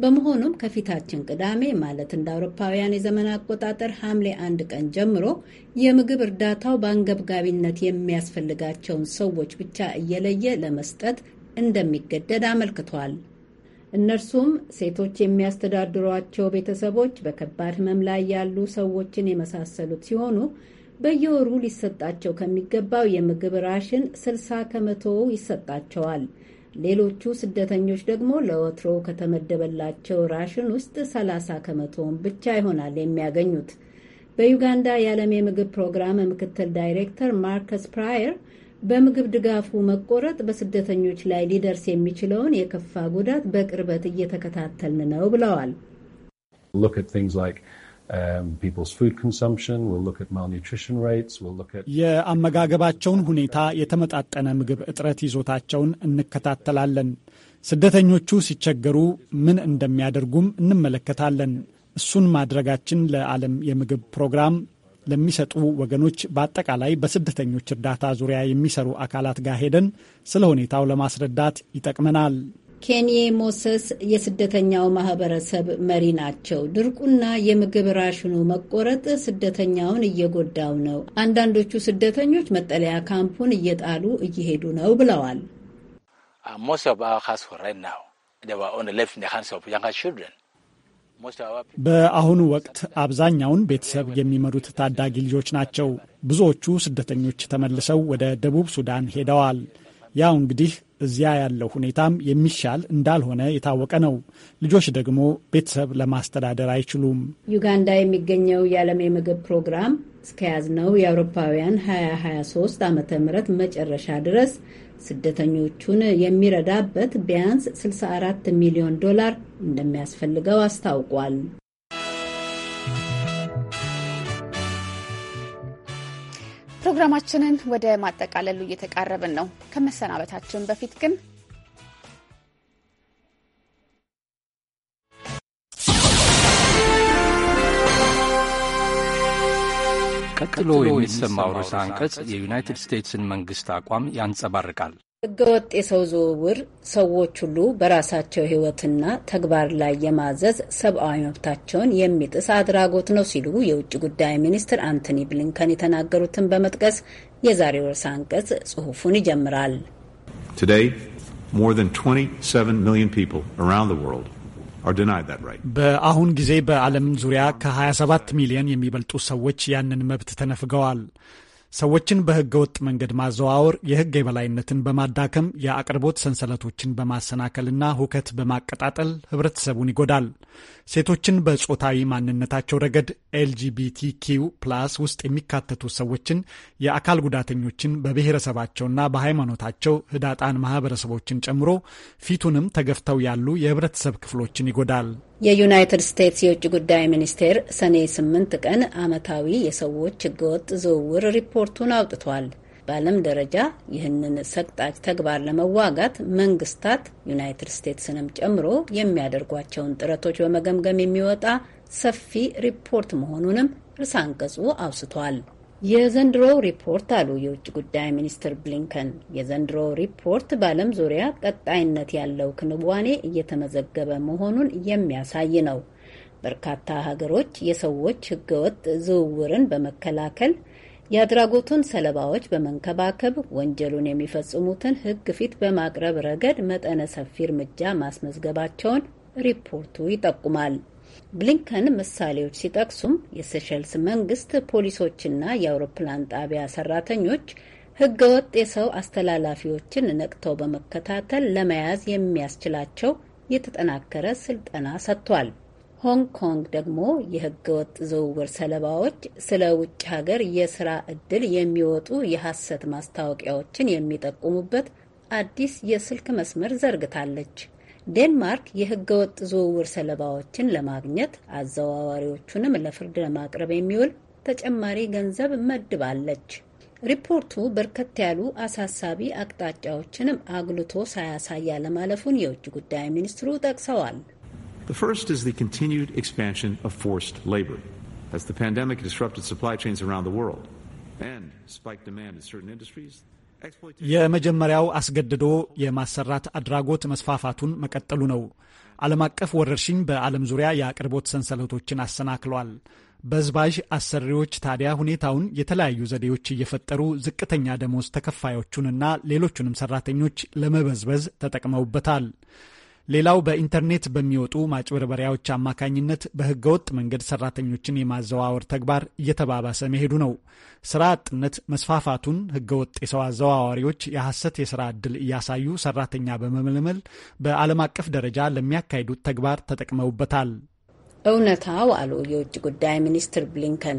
በመሆኑም ከፊታችን ቅዳሜ ማለት እንደ አውሮፓውያን የዘመን አቆጣጠር ሐምሌ አንድ ቀን ጀምሮ የምግብ እርዳታው በአንገብጋቢነት የሚያስፈልጋቸውን ሰዎች ብቻ እየለየ ለመስጠት እንደሚገደድ አመልክቷል። እነርሱም ሴቶች የሚያስተዳድሯቸው ቤተሰቦች በከባድ ሕመም ላይ ያሉ ሰዎችን የመሳሰሉት ሲሆኑ በየወሩ ሊሰጣቸው ከሚገባው የምግብ ራሽን 60 ከመቶ ይሰጣቸዋል። ሌሎቹ ስደተኞች ደግሞ ለወትሮ ከተመደበላቸው ራሽን ውስጥ 30 ከመቶውን ብቻ ይሆናል የሚያገኙት። በዩጋንዳ የዓለም የምግብ ፕሮግራም ምክትል ዳይሬክተር ማርከስ ፕራየር በምግብ ድጋፉ መቆረጥ በስደተኞች ላይ ሊደርስ የሚችለውን የከፋ ጉዳት በቅርበት እየተከታተልን ነው ብለዋል። um, የአመጋገባቸውን ሁኔታ፣ የተመጣጠነ ምግብ እጥረት ይዞታቸውን እንከታተላለን። ስደተኞቹ ሲቸገሩ ምን እንደሚያደርጉም እንመለከታለን። እሱን ማድረጋችን ለዓለም የምግብ ፕሮግራም ለሚሰጡ ወገኖች በአጠቃላይ በስደተኞች እርዳታ ዙሪያ የሚሰሩ አካላት ጋር ሄደን ስለ ሁኔታው ለማስረዳት ይጠቅመናል። ኬንዬ ሞሰስ የስደተኛው ማህበረሰብ መሪ ናቸው። ድርቁና የምግብ ራሽኑ መቆረጥ ስደተኛውን እየጎዳው ነው። አንዳንዶቹ ስደተኞች መጠለያ ካምፑን እየጣሉ እየሄዱ ነው ብለዋል። በአሁኑ ወቅት አብዛኛውን ቤተሰብ የሚመሩት ታዳጊ ልጆች ናቸው። ብዙዎቹ ስደተኞች ተመልሰው ወደ ደቡብ ሱዳን ሄደዋል። ያው እንግዲህ እዚያ ያለው ሁኔታም የሚሻል እንዳልሆነ የታወቀ ነው። ልጆች ደግሞ ቤተሰብ ለማስተዳደር አይችሉም። ዩጋንዳ የሚገኘው የዓለም የምግብ ፕሮግራም እስከያዝነው የአውሮፓውያን 2023 ዓ ም መጨረሻ ድረስ ስደተኞቹን የሚረዳበት ቢያንስ 64 ሚሊዮን ዶላር እንደሚያስፈልገው አስታውቋል። ፕሮግራማችንን ወደ ማጠቃለሉ እየተቃረብን ነው። ከመሰናበታችን በፊት ግን ቀጥሎ የሚሰማው ርዕሰ አንቀጽ የዩናይትድ ስቴትስን መንግስት አቋም ያንጸባርቃል። ህገወጥ የሰው ዝውውር ሰዎች ሁሉ በራሳቸው ህይወትና ተግባር ላይ የማዘዝ ሰብአዊ መብታቸውን የሚጥስ አድራጎት ነው ሲሉ የውጭ ጉዳይ ሚኒስትር አንቶኒ ብሊንከን የተናገሩትን በመጥቀስ የዛሬው ርዕሰ አንቀጽ ጽሑፉን ይጀምራል። Today, more 27 million people በአሁን ጊዜ በዓለም ዙሪያ ከ27 ሚሊዮን የሚበልጡ ሰዎች ያንን መብት ተነፍገዋል። ሰዎችን በህገ ወጥ መንገድ ማዘዋወር የህግ የበላይነትን በማዳከም የአቅርቦት ሰንሰለቶችን በማሰናከልና ሁከት በማቀጣጠል ህብረተሰቡን ይጎዳል። ሴቶችን በጾታዊ ማንነታቸው ረገድ ኤልጂቢቲኪው ፕላስ ውስጥ የሚካተቱ ሰዎችን፣ የአካል ጉዳተኞችን፣ በብሔረሰባቸውና በሃይማኖታቸው ህዳጣን ማህበረሰቦችን ጨምሮ ፊቱንም ተገፍተው ያሉ የህብረተሰብ ክፍሎችን ይጎዳል። የዩናይትድ ስቴትስ የውጭ ጉዳይ ሚኒስቴር ሰኔ 8 ቀን ዓመታዊ የሰዎች ህገወጥ ዝውውር ሪፖርቱን አውጥቷል። በዓለም ደረጃ ይህንን ሰቅጣጭ ተግባር ለመዋጋት መንግስታት ዩናይትድ ስቴትስንም ጨምሮ የሚያደርጓቸውን ጥረቶች በመገምገም የሚወጣ ሰፊ ሪፖርት መሆኑንም ርዕሰ አንቀጹ አውስቷል። የዘንድሮው ሪፖርት አሉ የውጭ ጉዳይ ሚኒስትር ብሊንከን፣ የዘንድሮው ሪፖርት በዓለም ዙሪያ ቀጣይነት ያለው ክንዋኔ እየተመዘገበ መሆኑን የሚያሳይ ነው። በርካታ ሀገሮች የሰዎች ህገወጥ ዝውውርን በመከላከል የአድራጎቱን ሰለባዎች በመንከባከብ ወንጀሉን የሚፈጽሙትን ህግ ፊት በማቅረብ ረገድ መጠነ ሰፊ እርምጃ ማስመዝገባቸውን ሪፖርቱ ይጠቁማል። ብሊንከን ምሳሌዎች ሲጠቅሱም የሴሸልስ መንግስት ፖሊሶችና የአውሮፕላን ጣቢያ ሰራተኞች ህገወጥ የሰው አስተላላፊዎችን ነቅተው በመከታተል ለመያዝ የሚያስችላቸው የተጠናከረ ስልጠና ሰጥቷል። ሆንግ ኮንግ ደግሞ ወጥ ዝውውር ሰለባዎች ስለ ውጭ ሀገር የስራ እድል የሚወጡ የሐሰት ማስታወቂያዎችን የሚጠቁሙበት አዲስ የስልክ መስመር ዘርግታለች። ዴንማርክ የህገወጥ ዝውውር ሰለባዎችን ለማግኘት አዘዋዋሪዎቹንም ለፍርድ ለማቅረብ የሚውል ተጨማሪ ገንዘብ መድባለች። ሪፖርቱ በርከት ያሉ አሳሳቢ አቅጣጫዎችንም አጉልቶ ሳያሳይ አለማለፉን የውጭ ጉዳይ ሚኒስትሩ ጠቅሰዋል። የመጀመሪያው አስገድዶ የማሰራት አድራጎት መስፋፋቱን መቀጠሉ ነው። ዓለም አቀፍ ወረርሽኝ በዓለም ዙሪያ የአቅርቦት ሰንሰለቶችን አሰናክሏል። በዝባዥ አሰሪዎች ታዲያ ሁኔታውን የተለያዩ ዘዴዎች እየፈጠሩ ዝቅተኛ ደሞዝ ተከፋዮቹንና ሌሎቹንም ሰራተኞች ለመበዝበዝ ተጠቅመውበታል። ሌላው በኢንተርኔት በሚወጡ ማጭበርበሪያዎች አማካኝነት በህገወጥ መንገድ ሰራተኞችን የማዘዋወር ተግባር እየተባባሰ መሄዱ ነው። ስራ አጥነት መስፋፋቱን ህገወጥ የሰው አዘዋዋሪዎች የሐሰት የስራ ዕድል እያሳዩ ሰራተኛ በመመልመል በዓለም አቀፍ ደረጃ ለሚያካሂዱት ተግባር ተጠቅመውበታል። እውነታው አሉ የውጭ ጉዳይ ሚኒስትር ብሊንከን፣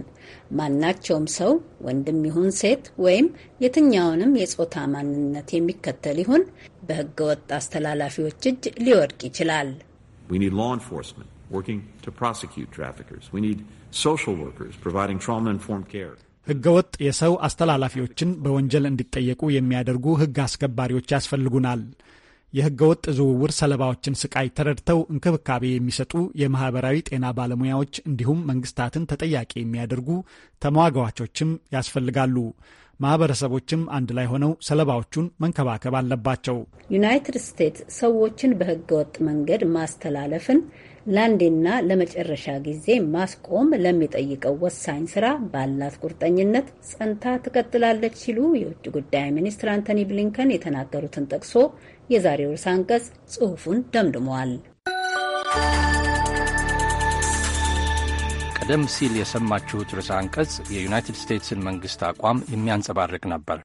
ማናቸውም ሰው ወንድም ይሁን ሴት ወይም የትኛውንም የጾታ ማንነት የሚከተል ይሁን በህገወጥ አስተላላፊዎች እጅ ሊወድቅ ይችላል። ወጥ የሰው አስተላላፊዎችን በወንጀል እንዲጠየቁ የሚያደርጉ ህግ አስከባሪዎች ያስፈልጉናል። የህገወጥ ዝውውር ሰለባዎችን ስቃይ ተረድተው እንክብካቤ የሚሰጡ የማህበራዊ ጤና ባለሙያዎች እንዲሁም መንግስታትን ተጠያቂ የሚያደርጉ ተሟጋቾችም ያስፈልጋሉ። ማህበረሰቦችም አንድ ላይ ሆነው ሰለባዎቹን መንከባከብ አለባቸው። ዩናይትድ ስቴትስ ሰዎችን በህገወጥ መንገድ ማስተላለፍን ለአንዴና ለመጨረሻ ጊዜ ማስቆም ለሚጠይቀው ወሳኝ ስራ ባላት ቁርጠኝነት ጸንታ ትቀጥላለች ሲሉ የውጭ ጉዳይ ሚኒስትር አንቶኒ ብሊንከን የተናገሩትን ጠቅሶ የዛሬው ርዕሰ አንቀጽ ጽሑፉን ደምድመዋል። ቀደም ሲል የሰማችሁት ርዕሰ አንቀጽ የዩናይትድ ስቴትስን መንግስት አቋም የሚያንጸባርቅ ነበር።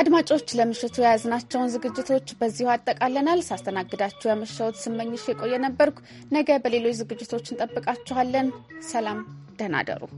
አድማጮች ለምሽቱ የያዝናቸውን ዝግጅቶች በዚሁ አጠቃለናል። ሳስተናግዳችሁ ያመሸሁት ስመኝሽ የቆየ ነበርኩ። ነገ በሌሎች ዝግጅቶች እንጠብቃችኋለን። ሰላም፣ ደህና አደሩ።